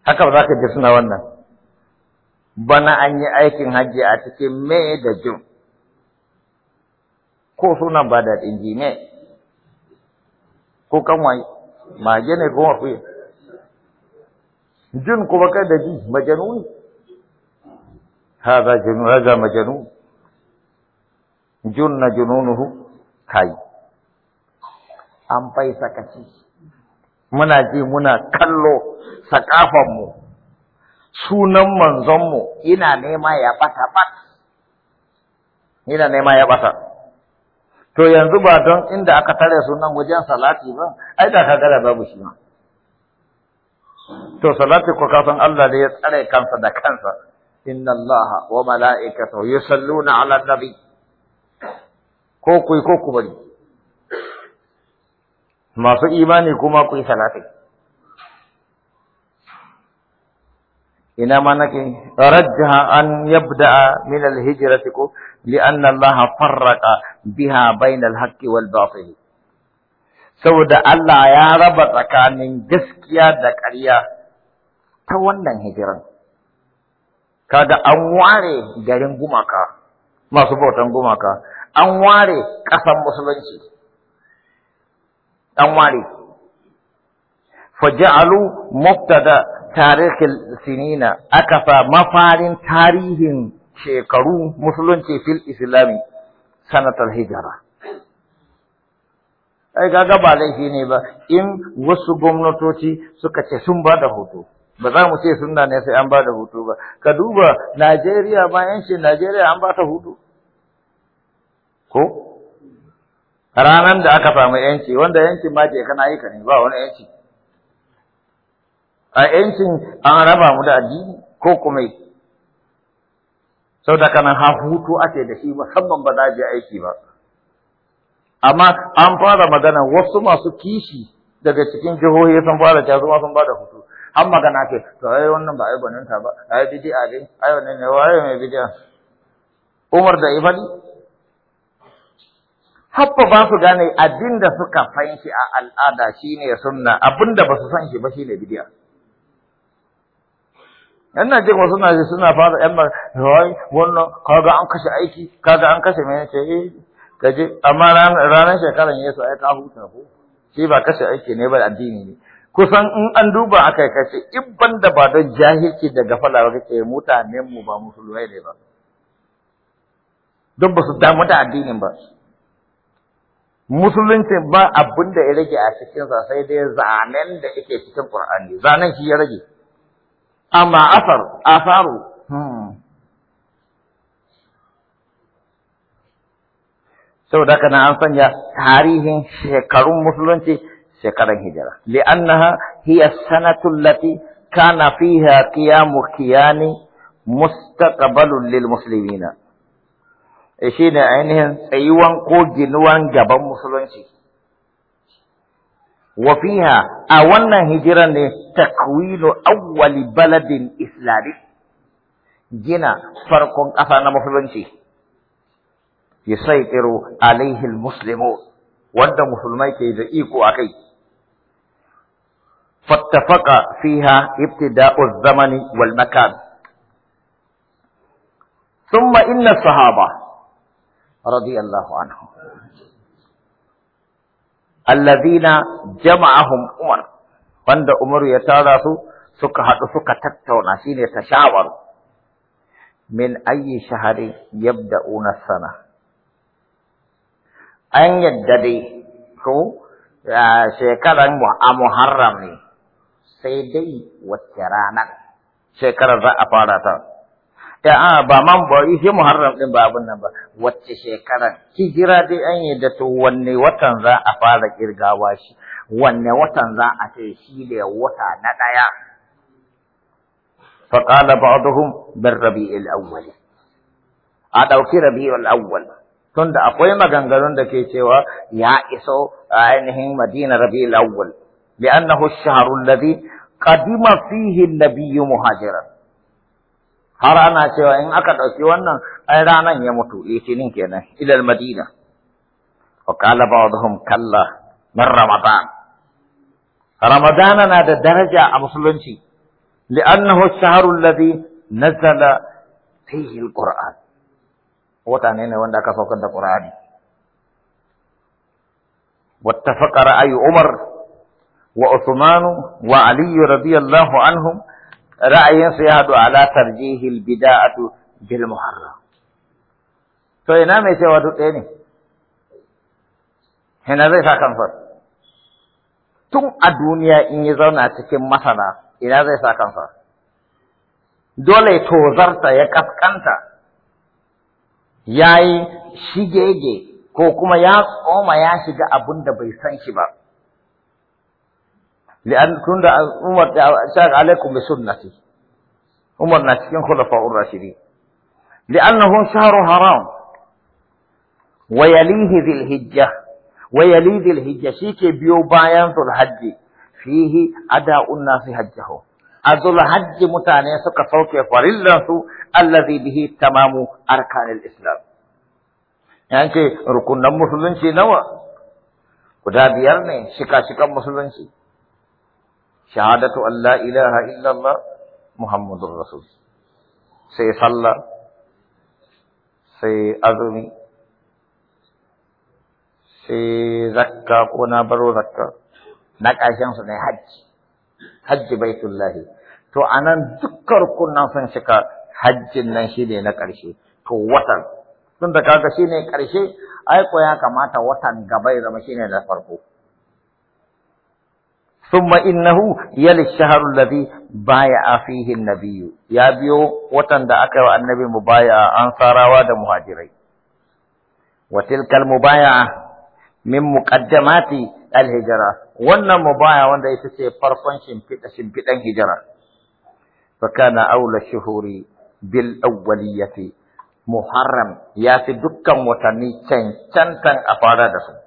Haka ba za ka ji suna wannan. Bana an yi aikin haji a cikin me da jun. Ko sunan ba da ɗin ji me? Ko kanwa ma ne ko mafi? jin kuma kai da ji ne? Ha za majanuni haza junun haza majanun junna jununuhu kai an fai sakaci muna ji muna kallo sakafanmu sunan manzonmu ina nema ya bata bat ina nema ya bata to yanzu ba don inda aka tare sunan wajen salati ba ai da ka kagara babu shi ma to salati ko kasan Allah da ya tsare kansa da kansa inna Allah wa mala'ikatahu yusalluna 'alan nabi ko ku ko ku bari masu imani kuma ku yi salati ina ma nake rajjaha an yabda'a min al-hijrati ko li'anna Allah farraqa biha bainal haqqi wal batil saboda Allah ya raba tsakanin gaskiya da ƙarya ta wannan hijiran Kada an ware garin gumaka masu bautan gumaka an ware ƙasan musulunci an ware faja'alu da tarihin sinina aka sa mafarin tarihin shekaru musulunci fil islami sanatar hijira ai gaga ba laifi ne ba in wasu gwamnatoci suka ce sun ba da hoto ba za mu ce suna ne sai an ba da hutu ba ka duba Najeriya ma yanci Najeriya an ba ta hutu ko ranar da aka samu yanci wanda yanci ma je kana yi ka ne ba wani yanci a yancin an raba mu da addini ko kuma sau da kanan ha hutu ake da shi musamman ba za a je aiki ba amma an fara magana wasu masu kishi daga cikin jihohi sun fara ta sun ba da hutu an magana ce to ai wannan ba ai gwaninta ba ai bid'a ne ai wannan ne waye mai bid'a Umar da Ibadi haffa ba su gane abinda suka fanki a al'ada shine sunna abinda ba su san shi ba shine bid'a yan na jin wasu na suna fara yan wai wannan kaga an kashe aiki kaga an kashe mai ce eh kaje amma ranar shekaran Yesu ai ka huta ko shi ba kashe aiki ne ba addini ne kusan in an duba aka yi kashe ibban da ba don jahilci da gafala ba kake mutanen mu ba musulmai ne ba don ba su damu da addinin ba musulunci ba abin da ya rage a cikin sai dai zanen da yake cikin qur'ani zanen shi ya rage amma asar asaru hmm. saboda haka na an sanya tarihin shekarun musulunci shekaran hijira li'annaha hiya sanatul lati kana fiha qiyamu qiyani mustaqbalun lil muslimina shi ne ainihin tsayuwan ko ginuwan gaban musulunci wa fiha awanna hijran ni takwilu takwinu awwali baladin islami gina farkon kasa na musulunci yusaitiru alaihi almuslimun wanda musulmai ke da iko akai فاتفق فيها ابتداء الزمن والمكان ثم ان الصحابه رضي الله عنهم الذين جمعهم عمر عند عمر يتراه سك حد سك تتونا يتشاور من اي شهر يبداون السنه أن يدري كو آه، شيكالا مو آه، sai dai wacce ranar shekarar za a fara ta da a ba man bari shi muharram din ba abin nan ba wacce shekarar hijira dai an yi da to wanne watan za a fara kirgawa shi wanne watan za a ce shi da wata na daya فقال بعضهم بالربيع الأول a ɗauki rabi'ul awwal tunda akwai maganganun da ke cewa ya iso a ainihin madina rabi'ul awwal li'annahu ash-shahru alladhi kadima fihi nabiyyu muhajiran har ana cewa in aka ɗauki wannan ai ranan ya mutu litinin kenan ilal madina wa qala ba'dhum kalla min ramadan ramadana na da daraja a musulunci li'annahu ash-shahru alladhi nazala fihi al-qur'an wata ne ne wanda aka saukar da qur'ani wattafaqa ra'ayu umar wa Usmanu wa Ali radiyallahu anhum su ya hadu ala tarjihil bida'atu bil muharram to ina mai cewa duk ɗaya ne ina zai sa kansa tun a duniya in yi zauna cikin masana ina zai sa kansa dole tozarta ya kaskanta ya yi shigege ko kuma ya tsoma ya shiga abin da bai san shi ba لأن كنا عمر ساق عليكم بسنتي عمر ناسكين خلفاء الراشدين لأنه شهر حرام ويليه ذي الهجة ويلي ذي الهجة شيك بيو بايان ذو الحج فيه أداء الناس حجه أذو الحج متاني سك صوت فرلنه الذي به تمام أركان الإسلام يعني ركن شي نوى guda بيرني شكا شكا مسلم شي shahadatu an ilaha illallah muhammadur rasul sai sallah sai azumi sai zakka ko na baro zakka na ƙarshen su ne hajji hajji baitullahi to anan dukkan kunnan sun shiga hajjin nan shi ne na ƙarshe to watan tun da kaga shi ne ƙarshe ai ko ya kamata watan gaba ya zama shine na farko ثم إنه يلي الشهر الذي بايع فيه النبي يا بيو وطن دا أكا النبي مبايع أنصارا ودا مهاجرين وتلك المبايعة من مقدمات الهجرة وانا مبايع وانا يتسي فرفن شمكتا شمكتا هجرة فكان اول الشهور بالأولية محرم يا في دكا وطني تنتن أفادا دسو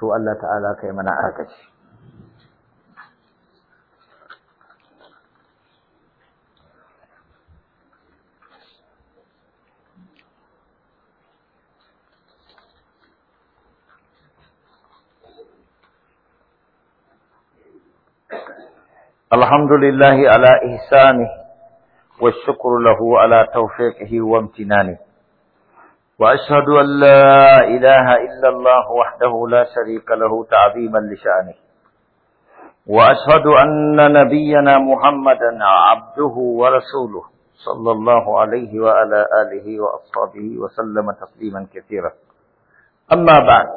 تو الله تعالى كي mana agaji الحمد لله على إحسانه والشكر له على توفيقه وامتنانه وأشهد أن لا إله إلا الله وحده لا شريك له تعظيما لشأنه وأشهد أن نبينا محمدا عبده ورسوله صلى الله عليه وعلى آله وأصحابه وسلم تسليما كثيرا أما بعد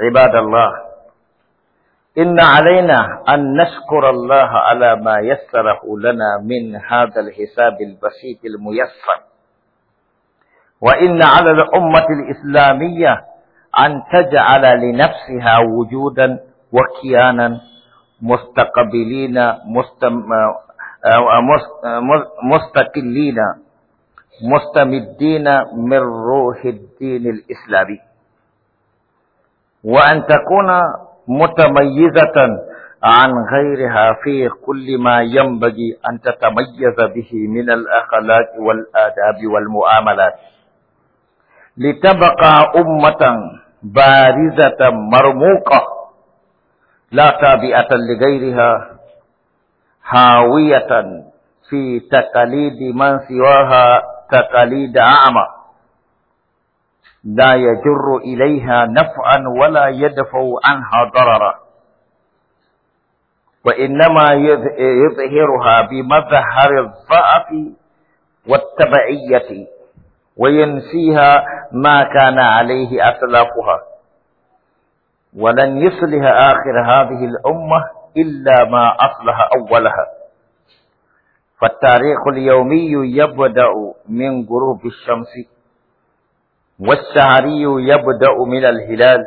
عباد الله إن علينا أن نشكر الله على ما يسره لنا من هذا الحساب البسيط الميسر وإن على الأمة الإسلامية أن تجعل لنفسها وجودا وكيانا مستقبلين مستم... مستقلين مستمدين من روح الدين الإسلامي وأن تكون متميزة عن غيرها في كل ما ينبغي أن تتميز به من الأخلاق والآداب والمعاملات لتبقى أمة بارزة مرموقة لا تابعة لغيرها هاوية في تقاليد من سواها تقاليد أعمى لا يجر إليها نفعا ولا يدفع عنها ضررا وإنما يظهرها بمظهر الضعف والتبعية وينفيها ما كان عليه أسلافها ولن يصلح آخر هذه الأمة إلا ما أصلح أولها فالتاريخ اليومي يبدأ من غروب الشمس والشهري يبدأ من الهلال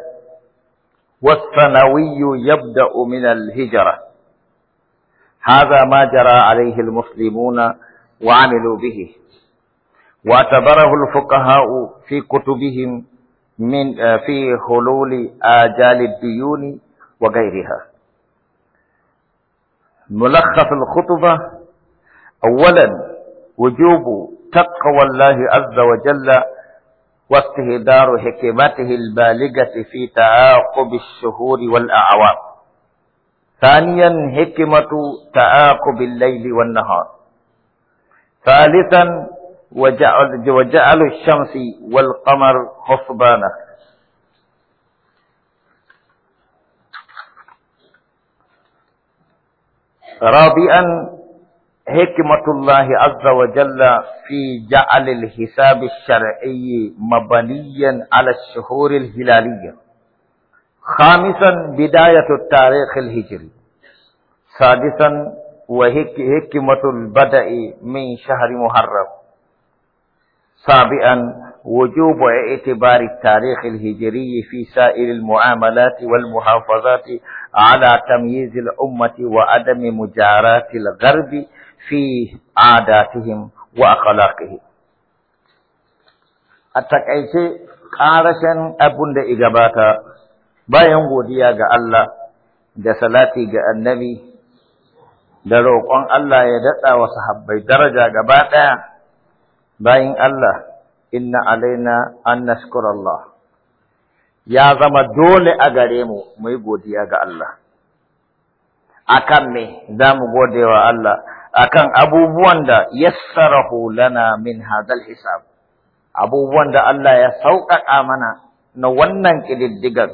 والسنوي يبدأ من الهجرة هذا ما جرى عليه المسلمون وعملوا به واعتبره الفقهاء في كتبهم من آه، في حلول آجال الديون وغيرها ملخص الخطبة أولا وجوب تقوى الله عز وجل واستهدار حكمته البالغة في تعاقب الشهور والأعوام ثانيا حكمة تعاقب الليل والنهار ثالثا وجعل, وجعل الشمس والقمر حسبانا رابعا حكمة الله عز وجل في جعل الحساب الشرعي مبنيا على الشهور الهلالية خامسا بداية التاريخ الهجري سادسا وهكمة البدء من شهر محرم سابعا وجوب اعتبار التاريخ الهجري في سائر المعاملات والمحافظات على تمييز الأمة وعدم مجارات الغرب في عاداتهم وأخلاقهم التكعيسي قارشا أبن إجاباتا bayan godiya ga Allah da salati ga annabi الله roƙon وصحبه درجة dada bayin Allah inna alaina an nashkurallah ya zama dole a gare mu mu yi godiya ga Allah akan me za mu gode wa Allah akan abubuwan da yassarahu lana min hadal hisab abubuwan da Allah ya sauƙaƙa mana na wannan ƙididdigar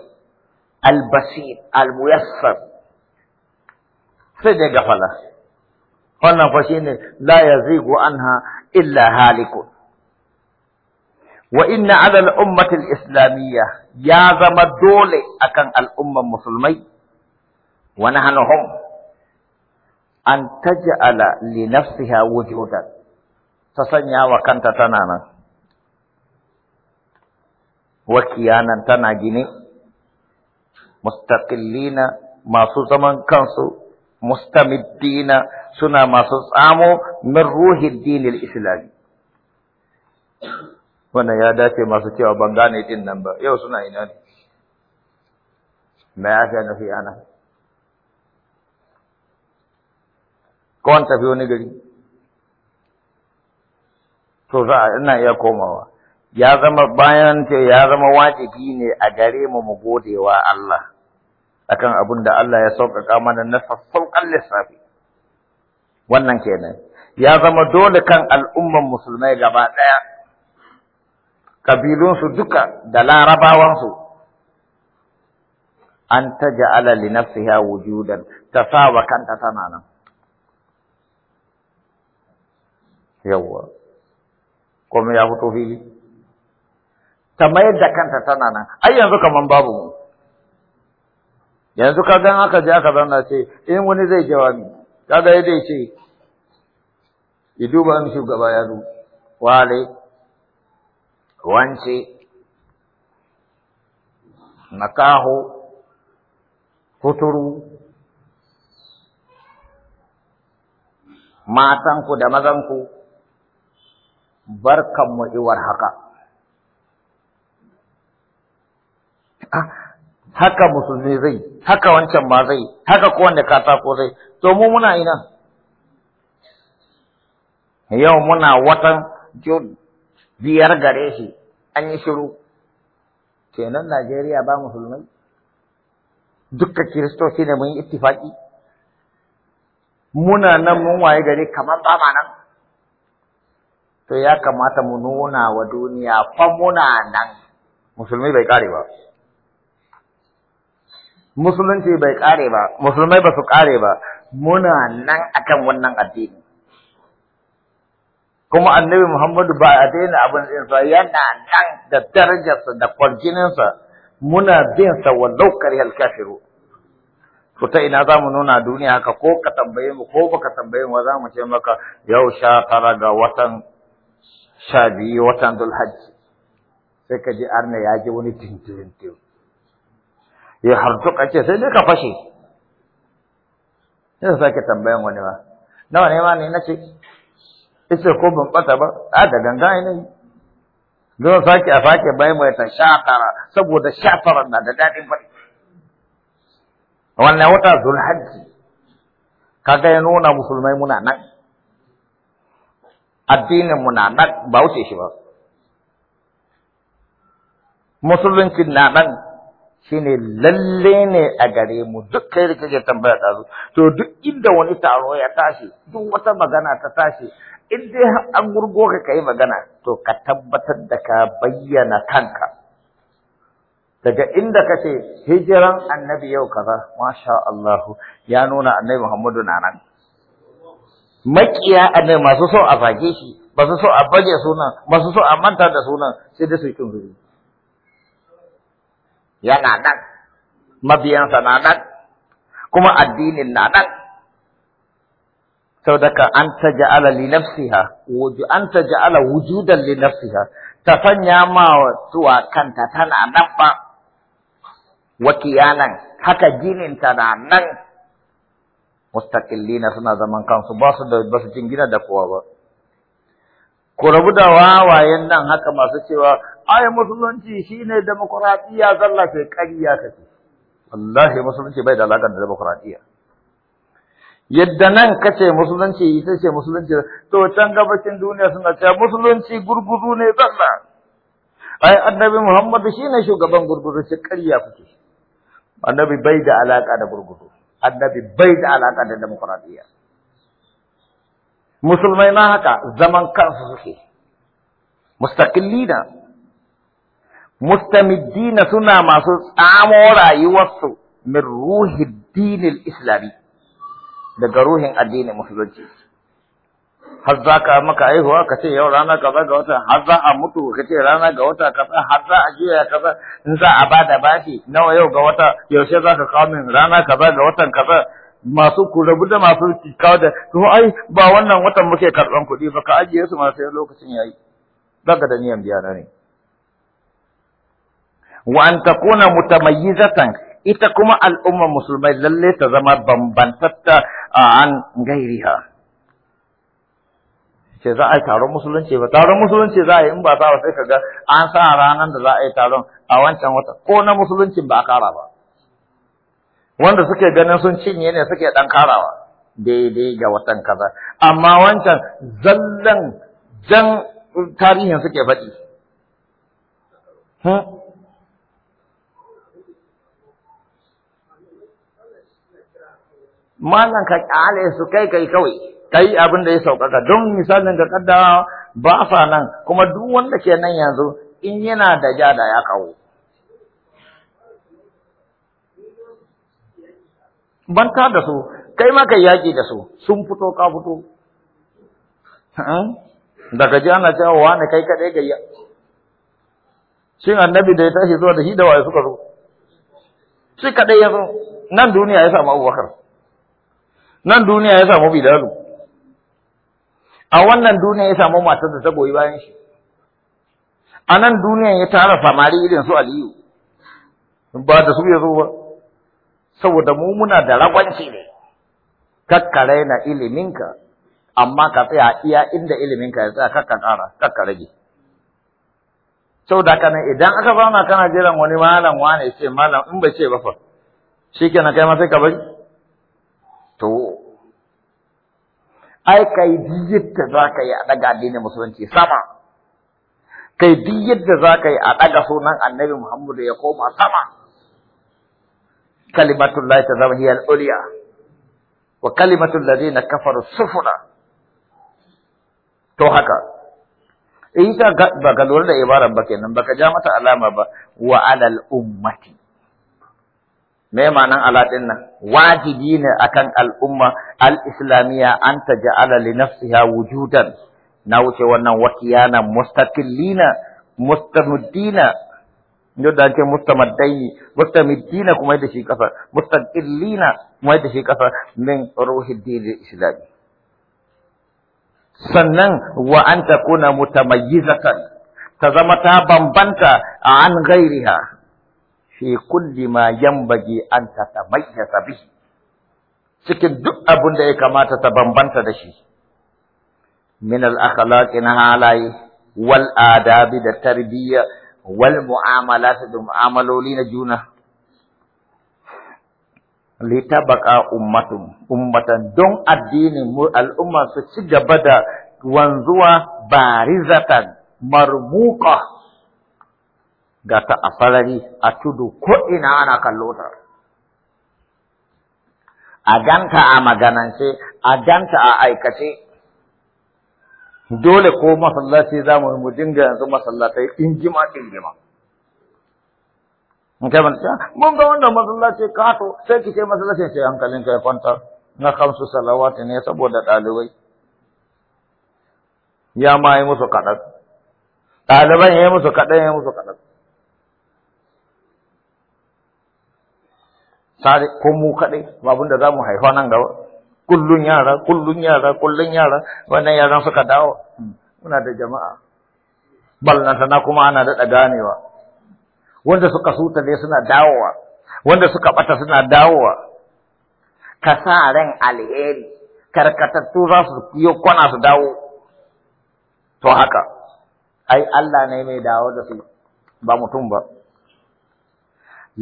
albasir almuyassar sai dai gafala wannan fa shine la yazigu anha إلا هالك وإن على الأمة الإسلامية يا زم دول أكن الأمة المسلمين ونحنهم أن تجعل لنفسها وجودا تسنيا وكنت تنانا وكيانا تناجني مستقلين ما سوزمان كنسو mustamiddina suna masu tsamo min ruhin dinil islami wannan ya dace masu cewa ban gane din nan ba yau suna ina ne me ya na fi ana ko an tafi wani gari to za ina iya komawa ya zama bayan ce ya zama wajibi ne a gare mu mu gode wa Allah akan abun da Allah ya sauƙaƙa mana na sassauƙan lissafi wannan kenan ya zama dole kan al'umman musulmai gaba ɗaya kabilunsu duka da larabawansu an taja'ala li nafsiha wujudan ta sa wa kanta tana nan yawwa komai ya fito fili ta mayar da kanta tana nan ai yanzu kamar babu mu yanzu ka gan aka je aka zanna ce in wani zai jawabi kaga yadda ya ce ya duba shugaba ya zo wale wance makaho kuturu matanku da mazanku barkanmu iwar haka ah, haka musulmi zai haka wancan ma zai haka ko wanda katako zai to mu muna ina yau muna watan biyar gare shi an yi shiru kenan Najeriya ba musulmai dukkan kiristoci ne mun yi ittifaki muna nan mun waye gare kamar ba ma nan to ya kamata mu nuna wa duniya fa muna nan musulmi bai kare ba musulunci bai kare ba musulmai ba su kare ba muna nan akan wannan addini kuma annabi Muhammadu ba a daina abin sa yana nan da darajarsa da kwarjininsa muna bin sa wallau karihal kafiru to ta ina zamu nuna duniya haka ko ka tambaye mu ko baka tambaye mu za mu ce maka yau sha tara ga watan sha biyu watan dulhajji sai ka ji arna ya ji wani tintirin tintirin ya hartuka kace sai dai ka fashe sai sake tambayan wani ba nawa ne ma ne nace ita ko ban bata ba a da ganga ne don sake a sake bai mai ta shatara saboda shatara na da dadin ba wannan wata zulhajji kaga ya nuna musulmai muna nan addinin muna nan ba wuce shi ba musulunci na nan shine lalle ne a gare mu duk kai da kake tambaya zo to duk inda wani taro ya tashi duk wata magana ta tashi in dai an gurgo ka kai magana to ka tabbatar da ka bayyana kanka daga inda ka ce hijiran annabi yau kaza masha Allah ya nuna annabi Muhammadu na nan makiya annabi masu so a fage shi ba su so a baje sunan ba so a manta da sunan sai da su yi kin yana nan mabiyansa na nan kuma addinin na nan saudaka an taja'ala li nafsiha wuju an taja'ala wujudan li nafsiha ta sanya ma tuwa kanta tana nan ba wa haka ginin na nan mustaqillina suna zaman kansu ba su da basu su jingina da kowa ba ku rabu da wawayen nan haka masu cewa ai musulunci shine demokradiya zalla sai ƙarya kace wallahi musulunci bai da alaka da demokradiya yadda nan kace musulunci ita ce musulunci to can gabacin duniya suna cewa musulunci gurguzu ne zalla ai annabi Muhammad shine shugaban gurguzu sai ƙarya kuke annabi bai da alaka da gurguzu annabi bai da alaka da demokradiya musulmai ma haka zaman kansu suke mustaqillina mustamiddina suna masu tsamo rayuwarsu min ruhi dinil islami daga ruhin addinin musulunci har za ka maka aihuwa ka ce yau rana kaza ga wata har za a mutu ka ce rana ga wata kaza har za a jiya kaza in za a bada bashi nawa yau ga wata yaushe za ka kawo min rana kaza ga watan kaza masu ku rabu da masu kawo da to ai ba wannan watan muke karban kuɗi ba ka ajiye su masu lokacin yayi za ka da niyan biya na ne wa an takuna mutamayyizatan ita kuma al'ummar musulmai lalle ta zama bambantatta an gairiha ce za a yi taron musulunci ba taron musulunci za a yi in ba sa sai kaga an sa ranar da za a yi taron a wancan wata ko na musulunci ba a kara ba wanda suke ganin sun cinye ne suke dan karawa daidai ga watan kaza amma wancan zallan jan tarihin suke faɗi hmm? malan ka kyale su kai kai kawai kai abin da ya sauƙaƙa don misalin ka kadda ba sa nan kuma duk wanda ke nan yanzu in yana da ja da ya kawo banta da su kai maka yaƙi da su sun fito ka fito daga ji ana cewa wani kai kaɗai ya shin annabi da ya tashi zuwa da hidawa ya waye suka zo shi kaɗai ya zo nan duniya ya samu abubakar nan duniya ya samu bidalu a wannan duniya ya samu matar da ta goyi bayan shi a nan duniya ya tara samari irin su aliyu ba da su ya zo ba saboda mu muna da ragwanci ne kakkare na iliminka amma ka tsaya iya inda iliminka ya tsaya kakka ƙara kakka rage saboda kana idan aka fama kana jiran wani malam wane ce malam in bai ce ba fa shikenan kai ma sai ka bari to ai kai duk yadda za yi a ɗaga addinin musulunci sama kai duk yadda za yi a ɗaga sunan annabi Muhammadu ya koma sama kalimatun lai ta zama hiyar uliya wa kalimatun lari na kafar sufura to haka ita ba ka lura da ibarar ba kenan ba ka ja mata alama ba wa alal ummati me ma'anan ala din nan wajibi ne akan al'umma al-islamiyya an taj'ala li nafsiha wujudan na wuce wannan wakiyana mustaqillina mustamuddina da ke mustamaddai mustamiddina kuma da shi kafa mustaqillina kuma da shi kafa min ruhi dinil islami sannan wa an takuna mutamayyizatan ta zama ta bambanta an gairiha fi kulli ma yanbaghi an tatamayyaza bihi cikin duk abin da ya kamata ta bambanta da shi min al akhlaqi na halaye wal adabi da tarbiyya wal mu'amalat da mu'amaloli na juna litabaka ummatun ummatan don addinin mu al'umma su ci gaba da wanzuwa barizatan marmuqa ga ta a farari a tudu ko ina ana kallo ta a danta a maganance a danta a aikace dole ko masallaci za mu mu dinga yanzu masallatai injima injima in kai manta mun ga wannan masallaci kato sai ki ce masallacin sai hankalin ka kwanta na kamsu salawati ne saboda ɗalibai ya ma yi musu kaɗan ɗaliban ya yi musu kaɗan ya yi musu kaɗan sare ko mu kaɗai babun da za mu haifa nan gaba kullun yara kullun yara kullun yara wannan yaran suka dawo muna da jama'a sana kuma ana da ganewa wanda suka suta ne suna dawowa wanda suka bata suna dawowa ka sa ran alheri karkatattu za su yi kwana su dawo to haka ai Allah ne mai dawo da su ba mutum ba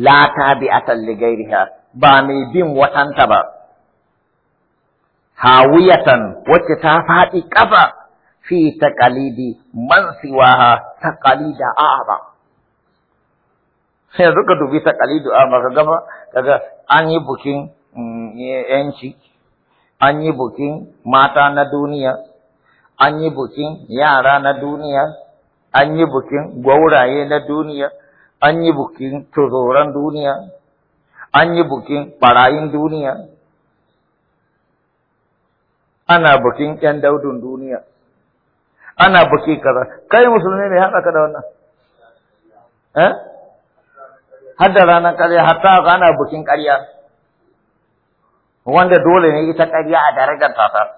la ta bi li gairiha ba mai bin watanta ba hawiyatan wacce ta faɗi ƙafa fi taqalidi man siwaha taqalida a'aba yanzu ka dubi taqalidu a ka gaba kaga an yi bukin mm, yanci an yi bukin mata na duniya an yi bukin yara na duniya an yi bukin gwauraye na duniya an yi bukin tsoron duniya, an yi bukin ɓarayin duniya, ana bukin ‘yan daudun duniya, ana bukin kaza, kai musulmi mai haɗa ka da wannan? Eh? da ranar ƙarya, hatta ana bukin ƙarya, wanda dole ne ita ƙarya a darajar tata.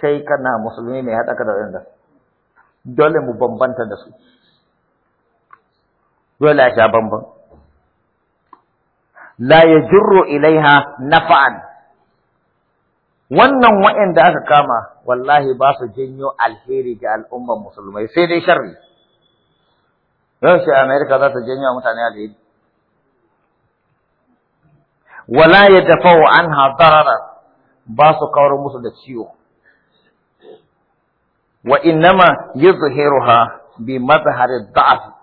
Kai kana musulmi mai haɗa ka da wannan? Dole mu bambanta da su. dole a sha bamban la yajurru ilaiha nafa'an wannan wa'anda aka kama wallahi ba su janyo alheri ga al'ummar musulmai sai dai sharri yau shi america za ta janyo mutane alheri wala ya wa an darara ba su kawar musu da ciwo wa innama yuzhiruha bi mazhari da'af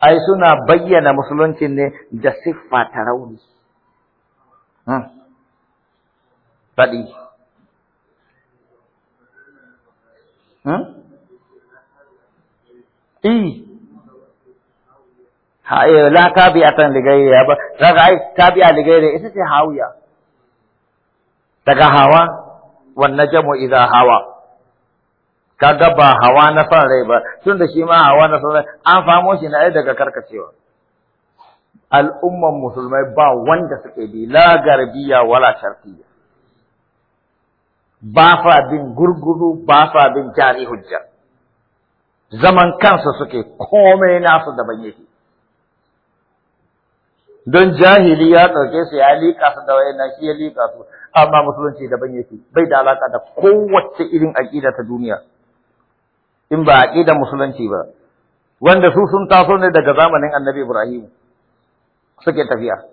ai suna bayyana musuluncin ne da siffa ta rauni. Faɗi. I. Eh, la a tabi'atan ligayya ba, daga ai tabi'a ligayya ita ce hawiya. Daga hawa, wannan jamo idan hawa. kaga ba hawa na san rai ba tun da shi ma hawa na san rai an famo shi na ai daga karkacewa al'umman musulmai ba wanda suke bi la garbiya wala shartiya ba fa bin gurguru, ba fa bin jari hujja zaman kansa suke komai nasu daban yake don jahili ya ɗauke su ya liƙa su da wayan shi ya liƙa su amma musulunci daban yake bai da alaka da kowace irin aƙida ta duniya in ba aqidar musulunci ba wanda su sun taso ne daga zamanin annabi Ibrahim suke tafiya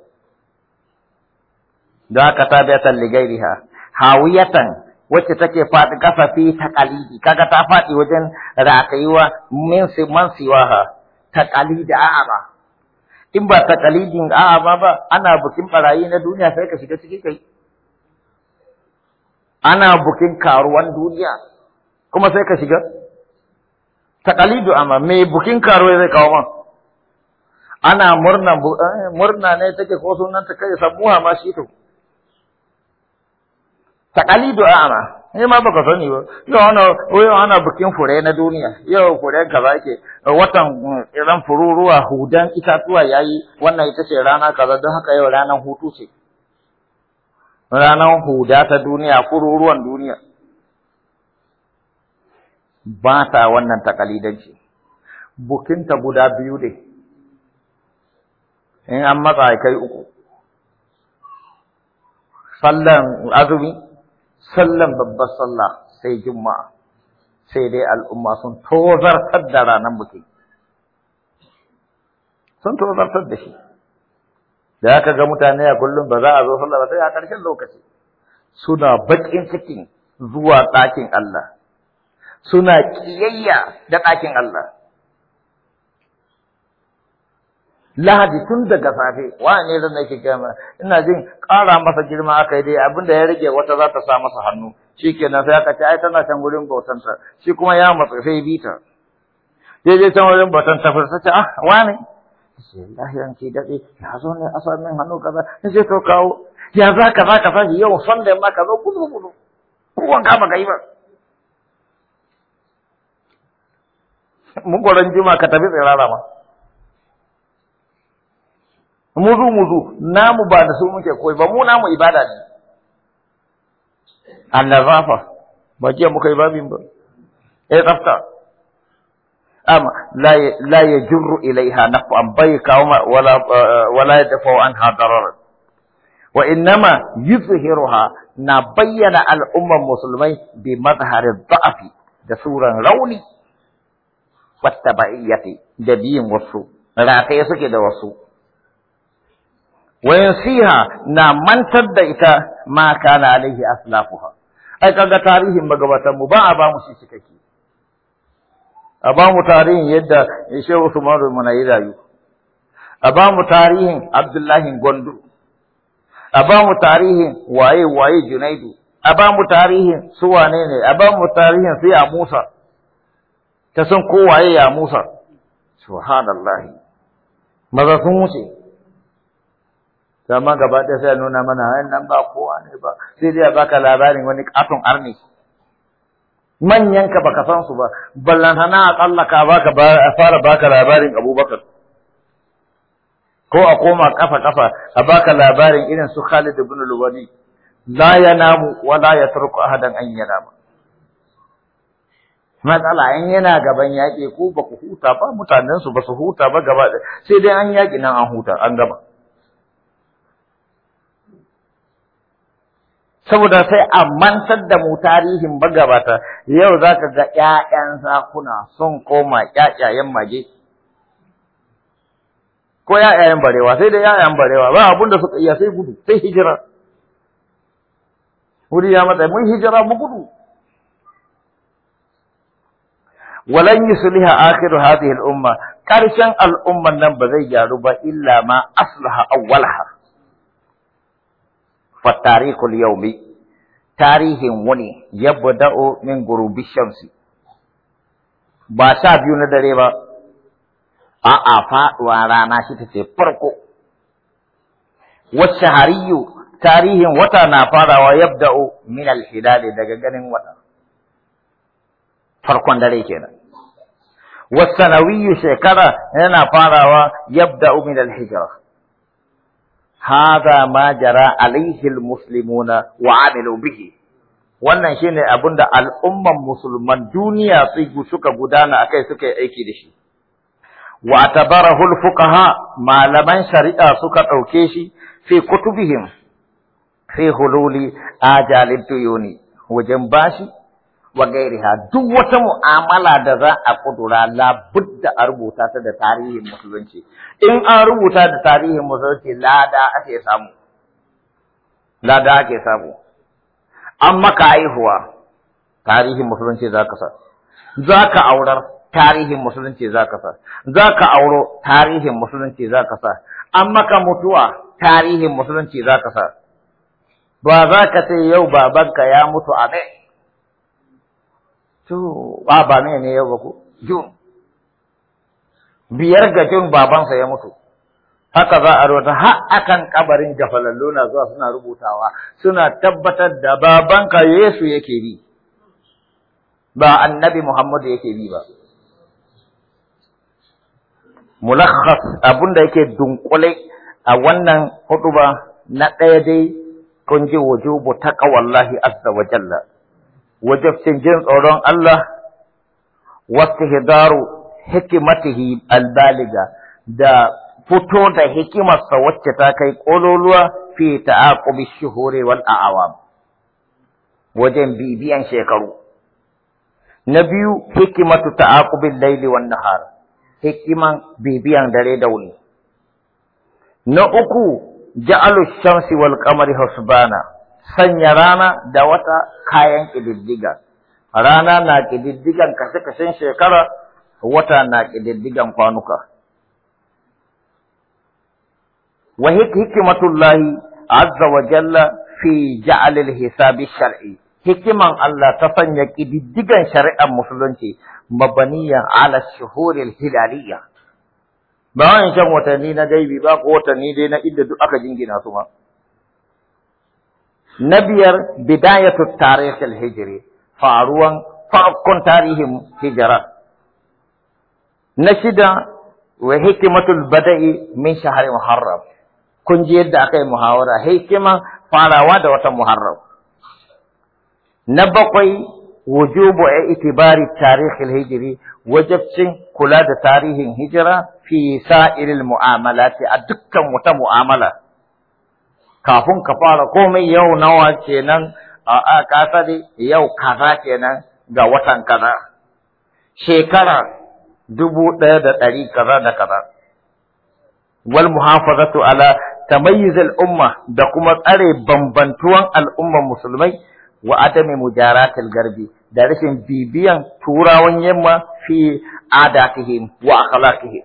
da aka tabiatan ligairiha hawiyatan wacce take faɗi ƙasa fi taqalidi kaga ta faɗi wajen rakayuwa min man siwaha taqalidi a'ama in ba taqalidin a'ama ba ana bukin barayi na duniya sai ka shiga ciki kai ana bukin karuwan duniya kuma sai ka shiga taqalidu amma me bukin karo zai kawo ma ana murna eh, murna ne take ko sunan ta kai sabuwa ma shi to taqalidu amma ni ma baka sani ba yau ana yau ana bukin fure na duniya yau fure kaza yake watan idan eh, fururuwa hudan itatuwa yayi wannan ita ce rana kaza don haka yau ranan hutu ce ranan huda ta duniya fururuwan duniya ba sa wannan takalidanci bukinta guda biyu ne in an matsa kai uku sallan azumi sallan babbar sallah sai juma'a sai dai al'umma sun tozartar da ranar bukin sun tozartar da shi da aka ga mutane a kullum ba za a zo sallah ba sai a ƙarshen lokaci suna baƙin cikin zuwa ɗakin Allah suna kiyayya da ɗakin Allah. Lahadi tun daga safe, wa ne zan nake kyamar, ina jin ƙara masa girma aka yi dai abinda ya rage wata za ta sa masa hannu, shi kenan sai aka ce ai tana can gurin bautanta, shi kuma ya matsa sai bita. Daidai can wurin bautanta fa ce ah wani. lahiyar ce daɗe ya zo ne a samin hannu kaza in sai to kawo ya za ka za ka sa yau sanda da ma ka zo gudu gudu kowan ka ba ka yi ba. makoran jima ka tafi tsirara ma muzu muzu namu ba da su muke koyi ba mu namu ibada ne annazafa ba jiya muka yi babin ba eh tsafta amma la la yajru ilaiha naf'an bai kawo wala wala yadfa an hadarar wa innama yuzhiruha na bayyana al'ummar musulmai bi mazharin da'afi da suran rauni wattaba'iyyati da biyin wasu rataye suke da wasu wayan siha na mantar da ita ma kana alaihi aslafuha ai kaga tarihin magabatan mu ba a ba mu shi cikakke a ba mu tarihin yadda Shehu Usman bin yi rayu a ba mu tarihin Abdullahi Gondo a ba mu tarihin waye waye Junaidu a ba mu tarihin su wane ne a ba mu tarihin sai a Musa ta san kowaye ya Musa subhanallahi maza sun wuce zama gaba ɗaya sai nuna mana nan ba kowa ne ba sai dai baka labarin wani katon arni manyan ka baka san su ba hana a tsallaka baka a fara baka labarin abubakar ko a koma kafa kafa a baka labarin irin su Khalid ibn al-Walid la yanamu wa la yatruku ahadan an yanama matsala in yana gaban yaƙi ko ba ku huta ba mutanen su ba su huta ba gaba sai dai an yaƙi nan an huta an gama saboda sai a mantar da mu tarihin bagabata yau za ka ga ƴaƴan sakuna sun koma ƴaƴayen mage ko ƴaƴayen barewa sai dai ƴaƴayen barewa ba abin da suka iya sai gudu sai hijira wuri ya mata mun hijira mu gudu ولن يصلح آخر هذه الأمة كارشان الأمة نمبر يارب إلا ما أصلح أولها فالتاريخ اليومي تاريخ وني يبدأ من غروب الشمس باسا بيون دريبا أعفا وعرانا شتتي فرقو والشهري تاريخ وطن فارا ويبدأ من الحلال دقاقن وطن فرقوان دريكينا والسنوي شكرا هنا فاروا يبدأ من الهجرة هذا ما جرى عليه المسلمون وعملوا به wannan shine abin da al'umman musulman duniya suka gudana akai suka yi aiki da shi wa tabarahu al-fuqaha malaman shari'a suka dauke shi fi kutubihim fi hululi ajalin tuyuni wajen bashi wa gairiha duk wata mu'amala da za a kudura labudda a rubuta ta da tarihin musulunci in an rubuta da tarihin musulunci lada ake samu lada ake samu an maka aihuwa tarihin musulunci za ka sa za ka aurar tarihin musulunci za ka sa za ka auro tarihin musulunci za ka sa an maka mutuwa tarihin musulunci za ka sa ba za ka ce yau babanka ya mutu a mai su ba ba ne yau ba jun biyar ga jun babansa ya mutu haka za a rubuta har akan kabarin gafalallo na zuwa suna rubutawa suna tabbatar da babanka Yesu yake bi ba annabi Muhammadu yake bi ba mulakhas da yake dunkule a wannan huduba na ɗaya dai kun ji wujubu taqwallahi azza wa jalla wajabcin jin tsoron Allah hidaru, hikimatihi albaliga da fito da hikimarsa wacce ta kai kololuwa fi ta'aqubi shuhuri wal a'awam wajen bibiyan shekaru na biyu hikimatu ta'aqubi laili wan nahar hikiman bibiyan dare da wuni na uku ja'alu shamsi wal qamari husbana sanya rana da wata kayan ƙididdiga. Rana na ƙididdigan kashe-kashen shekara, wata na ƙididdigan kwanuka. Wa hikimatullahi azza wa jalla fi ja'alil hisabi shar'i. Hikiman Allah ta sanya ƙididdigan shari'ar musulunci mabaniyan ala shuhuril hilaliya. Ba shan watanni na gaibi ba ko watanni dai na inda duk aka jingina su ma. نبير بداية التاريخ الهجري فاروان فاقن تاريخ هجرة نشد وحكمة البدء من شهر محرم كنجيد داقي محاورة حكمة فعلا وادة محرم نبقي وجوب اعتبار التاريخ الهجري وجب سن كلاد تاريخ هجرة في سائر المعاملات الدكة متمعاملة kafin ka fara komai yau nawa kenan a aka sadi yau kaza kenan ga watan kaza shekara dubu ɗaya da ɗari kaza da kaza wal muhafazatu ala tamayyizul umma da kuma tsare bambantuwan al'umman musulmai wa adami mujaratil garbi da rashin bibiyan turawan yamma fi adatihim wa akhlaqihim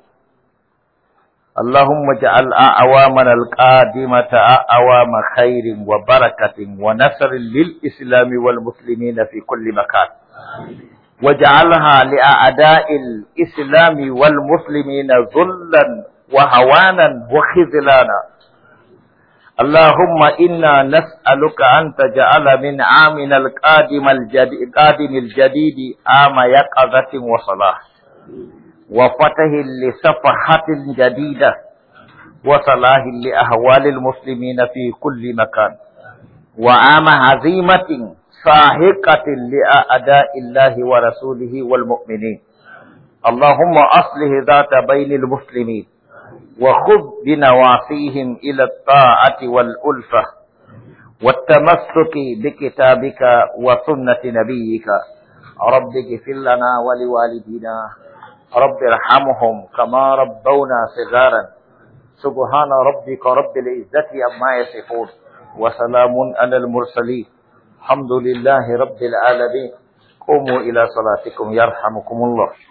اللهم اجعل أعوامنا القادمة أعوام خير وبركة ونصر للإسلام والمسلمين في كل مكان واجعلها لأعداء الإسلام والمسلمين ذلا وهوانا وخذلانا اللهم إنا نسألك أن تجعل من عامنا القادم الجديد, القادم الجديد عام يقظة وصلاح وفتح لصفحات جديدة وصلاح لأهوال المسلمين في كل مكان وعام عزيمة صاحقة لأعداء الله ورسوله والمؤمنين اللهم أصله ذات بين المسلمين وخذ بنواصيهم إلى الطاعة والألفة والتمسك بكتابك وسنة نبيك رب اغفر لنا ولوالدينا رب ارحمهم كما ربونا صغارا سبحان ربك رب العزة عما يصفون وسلام على المرسلين الحمد لله رب العالمين قوموا إلى صلاتكم يرحمكم الله